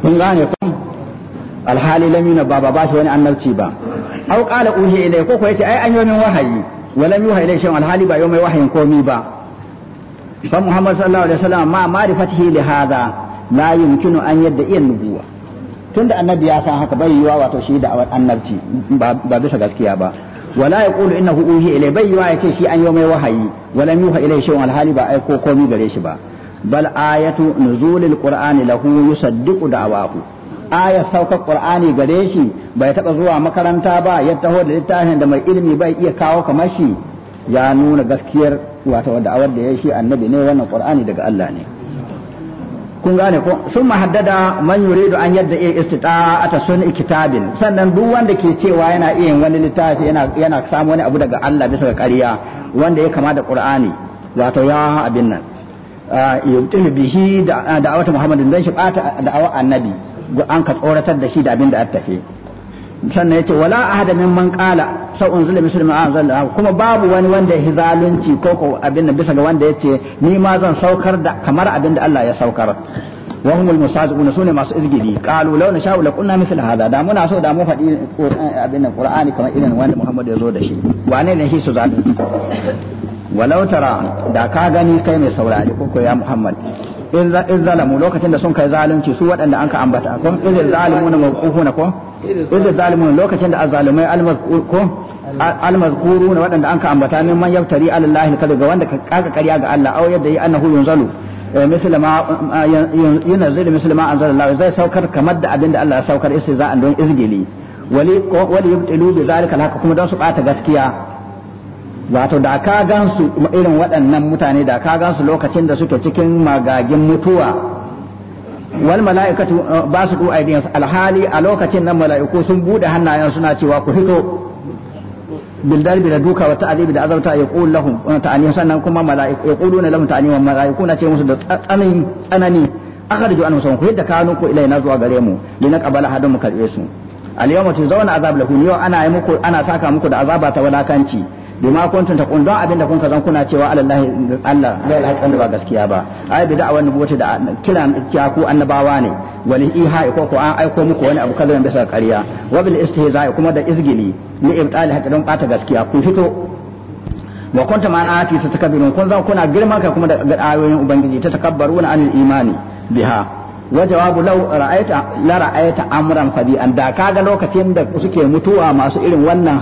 kun gane kun alhali lamina ba ba ba shi wani annabci ba au qala uhi ilai ko ko yace ai an yi min wahayi walam yuha ilai shan alhali ba yau mai wahayin komi ba fa muhammad sallallahu alaihi wasallam ma ma'rifatihi li hadha la yumkinu an yadda iya nubuwah tunda annabi ya san haka bai yiwa wato shi da annabci ba bisa gaskiya ba wala yaqulu innahu uhi ilai bai yiwa ce shi an yi mai wahayi wala yuha ilay shay'un alhali ba aiko komi gare shi ba bal ayatu nuzulil qur'ani lahu yusaddiqu da'wahu aya saukar qur'ani gare shi bai taba zuwa makaranta ba ya taho da littafin da mai ilimi bai iya kawo kamar shi ya nuna gaskiyar wato da'awar da ya shi annabi ne wannan qur'ani daga Allah ne kun gane ko sun mahaddada man yuridu an yadda iya ta sun kitabin sannan duk wanda ke cewa yana iya wani littafi yana yana samu wani abu daga Allah bisa ga ƙarya wanda ya kama da Qur'ani wato ya abin nan ah, yubtil bihi da da'awata Muhammadin dan shi da da'awa annabi an ka tsoratar da shi da abin da ya tafe sannan ya ce wala ahada mimman qala sa unzila mislu ma anzala kuma babu wani wanda ya zalunci ko ko abin da bisa ga wanda ya ce ni ma zan saukar da kamar abin da Allah ya saukar wa humul musaziqun sune masu izgili qalu law la kunna mithla hada da muna so da mu faɗi abin nan qur'ani kamar irin wanda Muhammad ya zo da shi wane ne shi su zalunci walau tara da ka gani kai mai saurari ko ya Muhammad in zalamu lokacin da sun kai zalunci su waɗanda an ka ambata kun izil zalimuna mawqufuna ko izil zalimuna lokacin da azzalumai almazku na waɗanda an ka ambata min man yaftari alallahi kaza ga wanda ka kaka ga Allah aw yadda yi annahu yunzalu eh, misal ma yunzil misal ma anzalallahu zai saukar kamar da abinda Allah ya saukar istiza'an don izgili wali wali yubtilu bi zalika haka kuma don su bata gaskiya wato da ka gansu irin waɗannan mutane da ka gansu lokacin da suke cikin magagin mutuwa wal mala'ikatu uh, ba su du aidiyansu alhali a lokacin nan mala'iku sun bude hannayen suna cewa ku fito bil darbi da duka wa ta'dibi da azauta yaqul lahum wa uh, ta'ani sannan kuma mala'iku yaquluna lahum ta'ani wa mala'iku na ce musu da tsanani tsanani akhriju an sun ku yadda kanu ku na zuwa gare mu linaqbala hadum karbe su al yawma tuzawna azab lahum yau ana yi muku ana saka muku da azaba ta walakanci bima kuntum taqun don abinda kun kazan kuna cewa alallahi Allah la ilaha illa ba gaskiya ba ai bi da'awan nubuwati da kira kiya ku annabawa ne wal iha ko ko an aiko muku wani abu kallon bisa ƙarya wa bil istihza'i kuma da izgili ni ibtali hatta don bata gaskiya ku fito wa kunta ma ati ta kun zan kuna girman kai kuma da ayoyin ubangiji ta takabbaruna anil imani biha wa jawabu law ra'aita la ra'aita amran fadi an da kaga lokacin da suke mutuwa masu irin wannan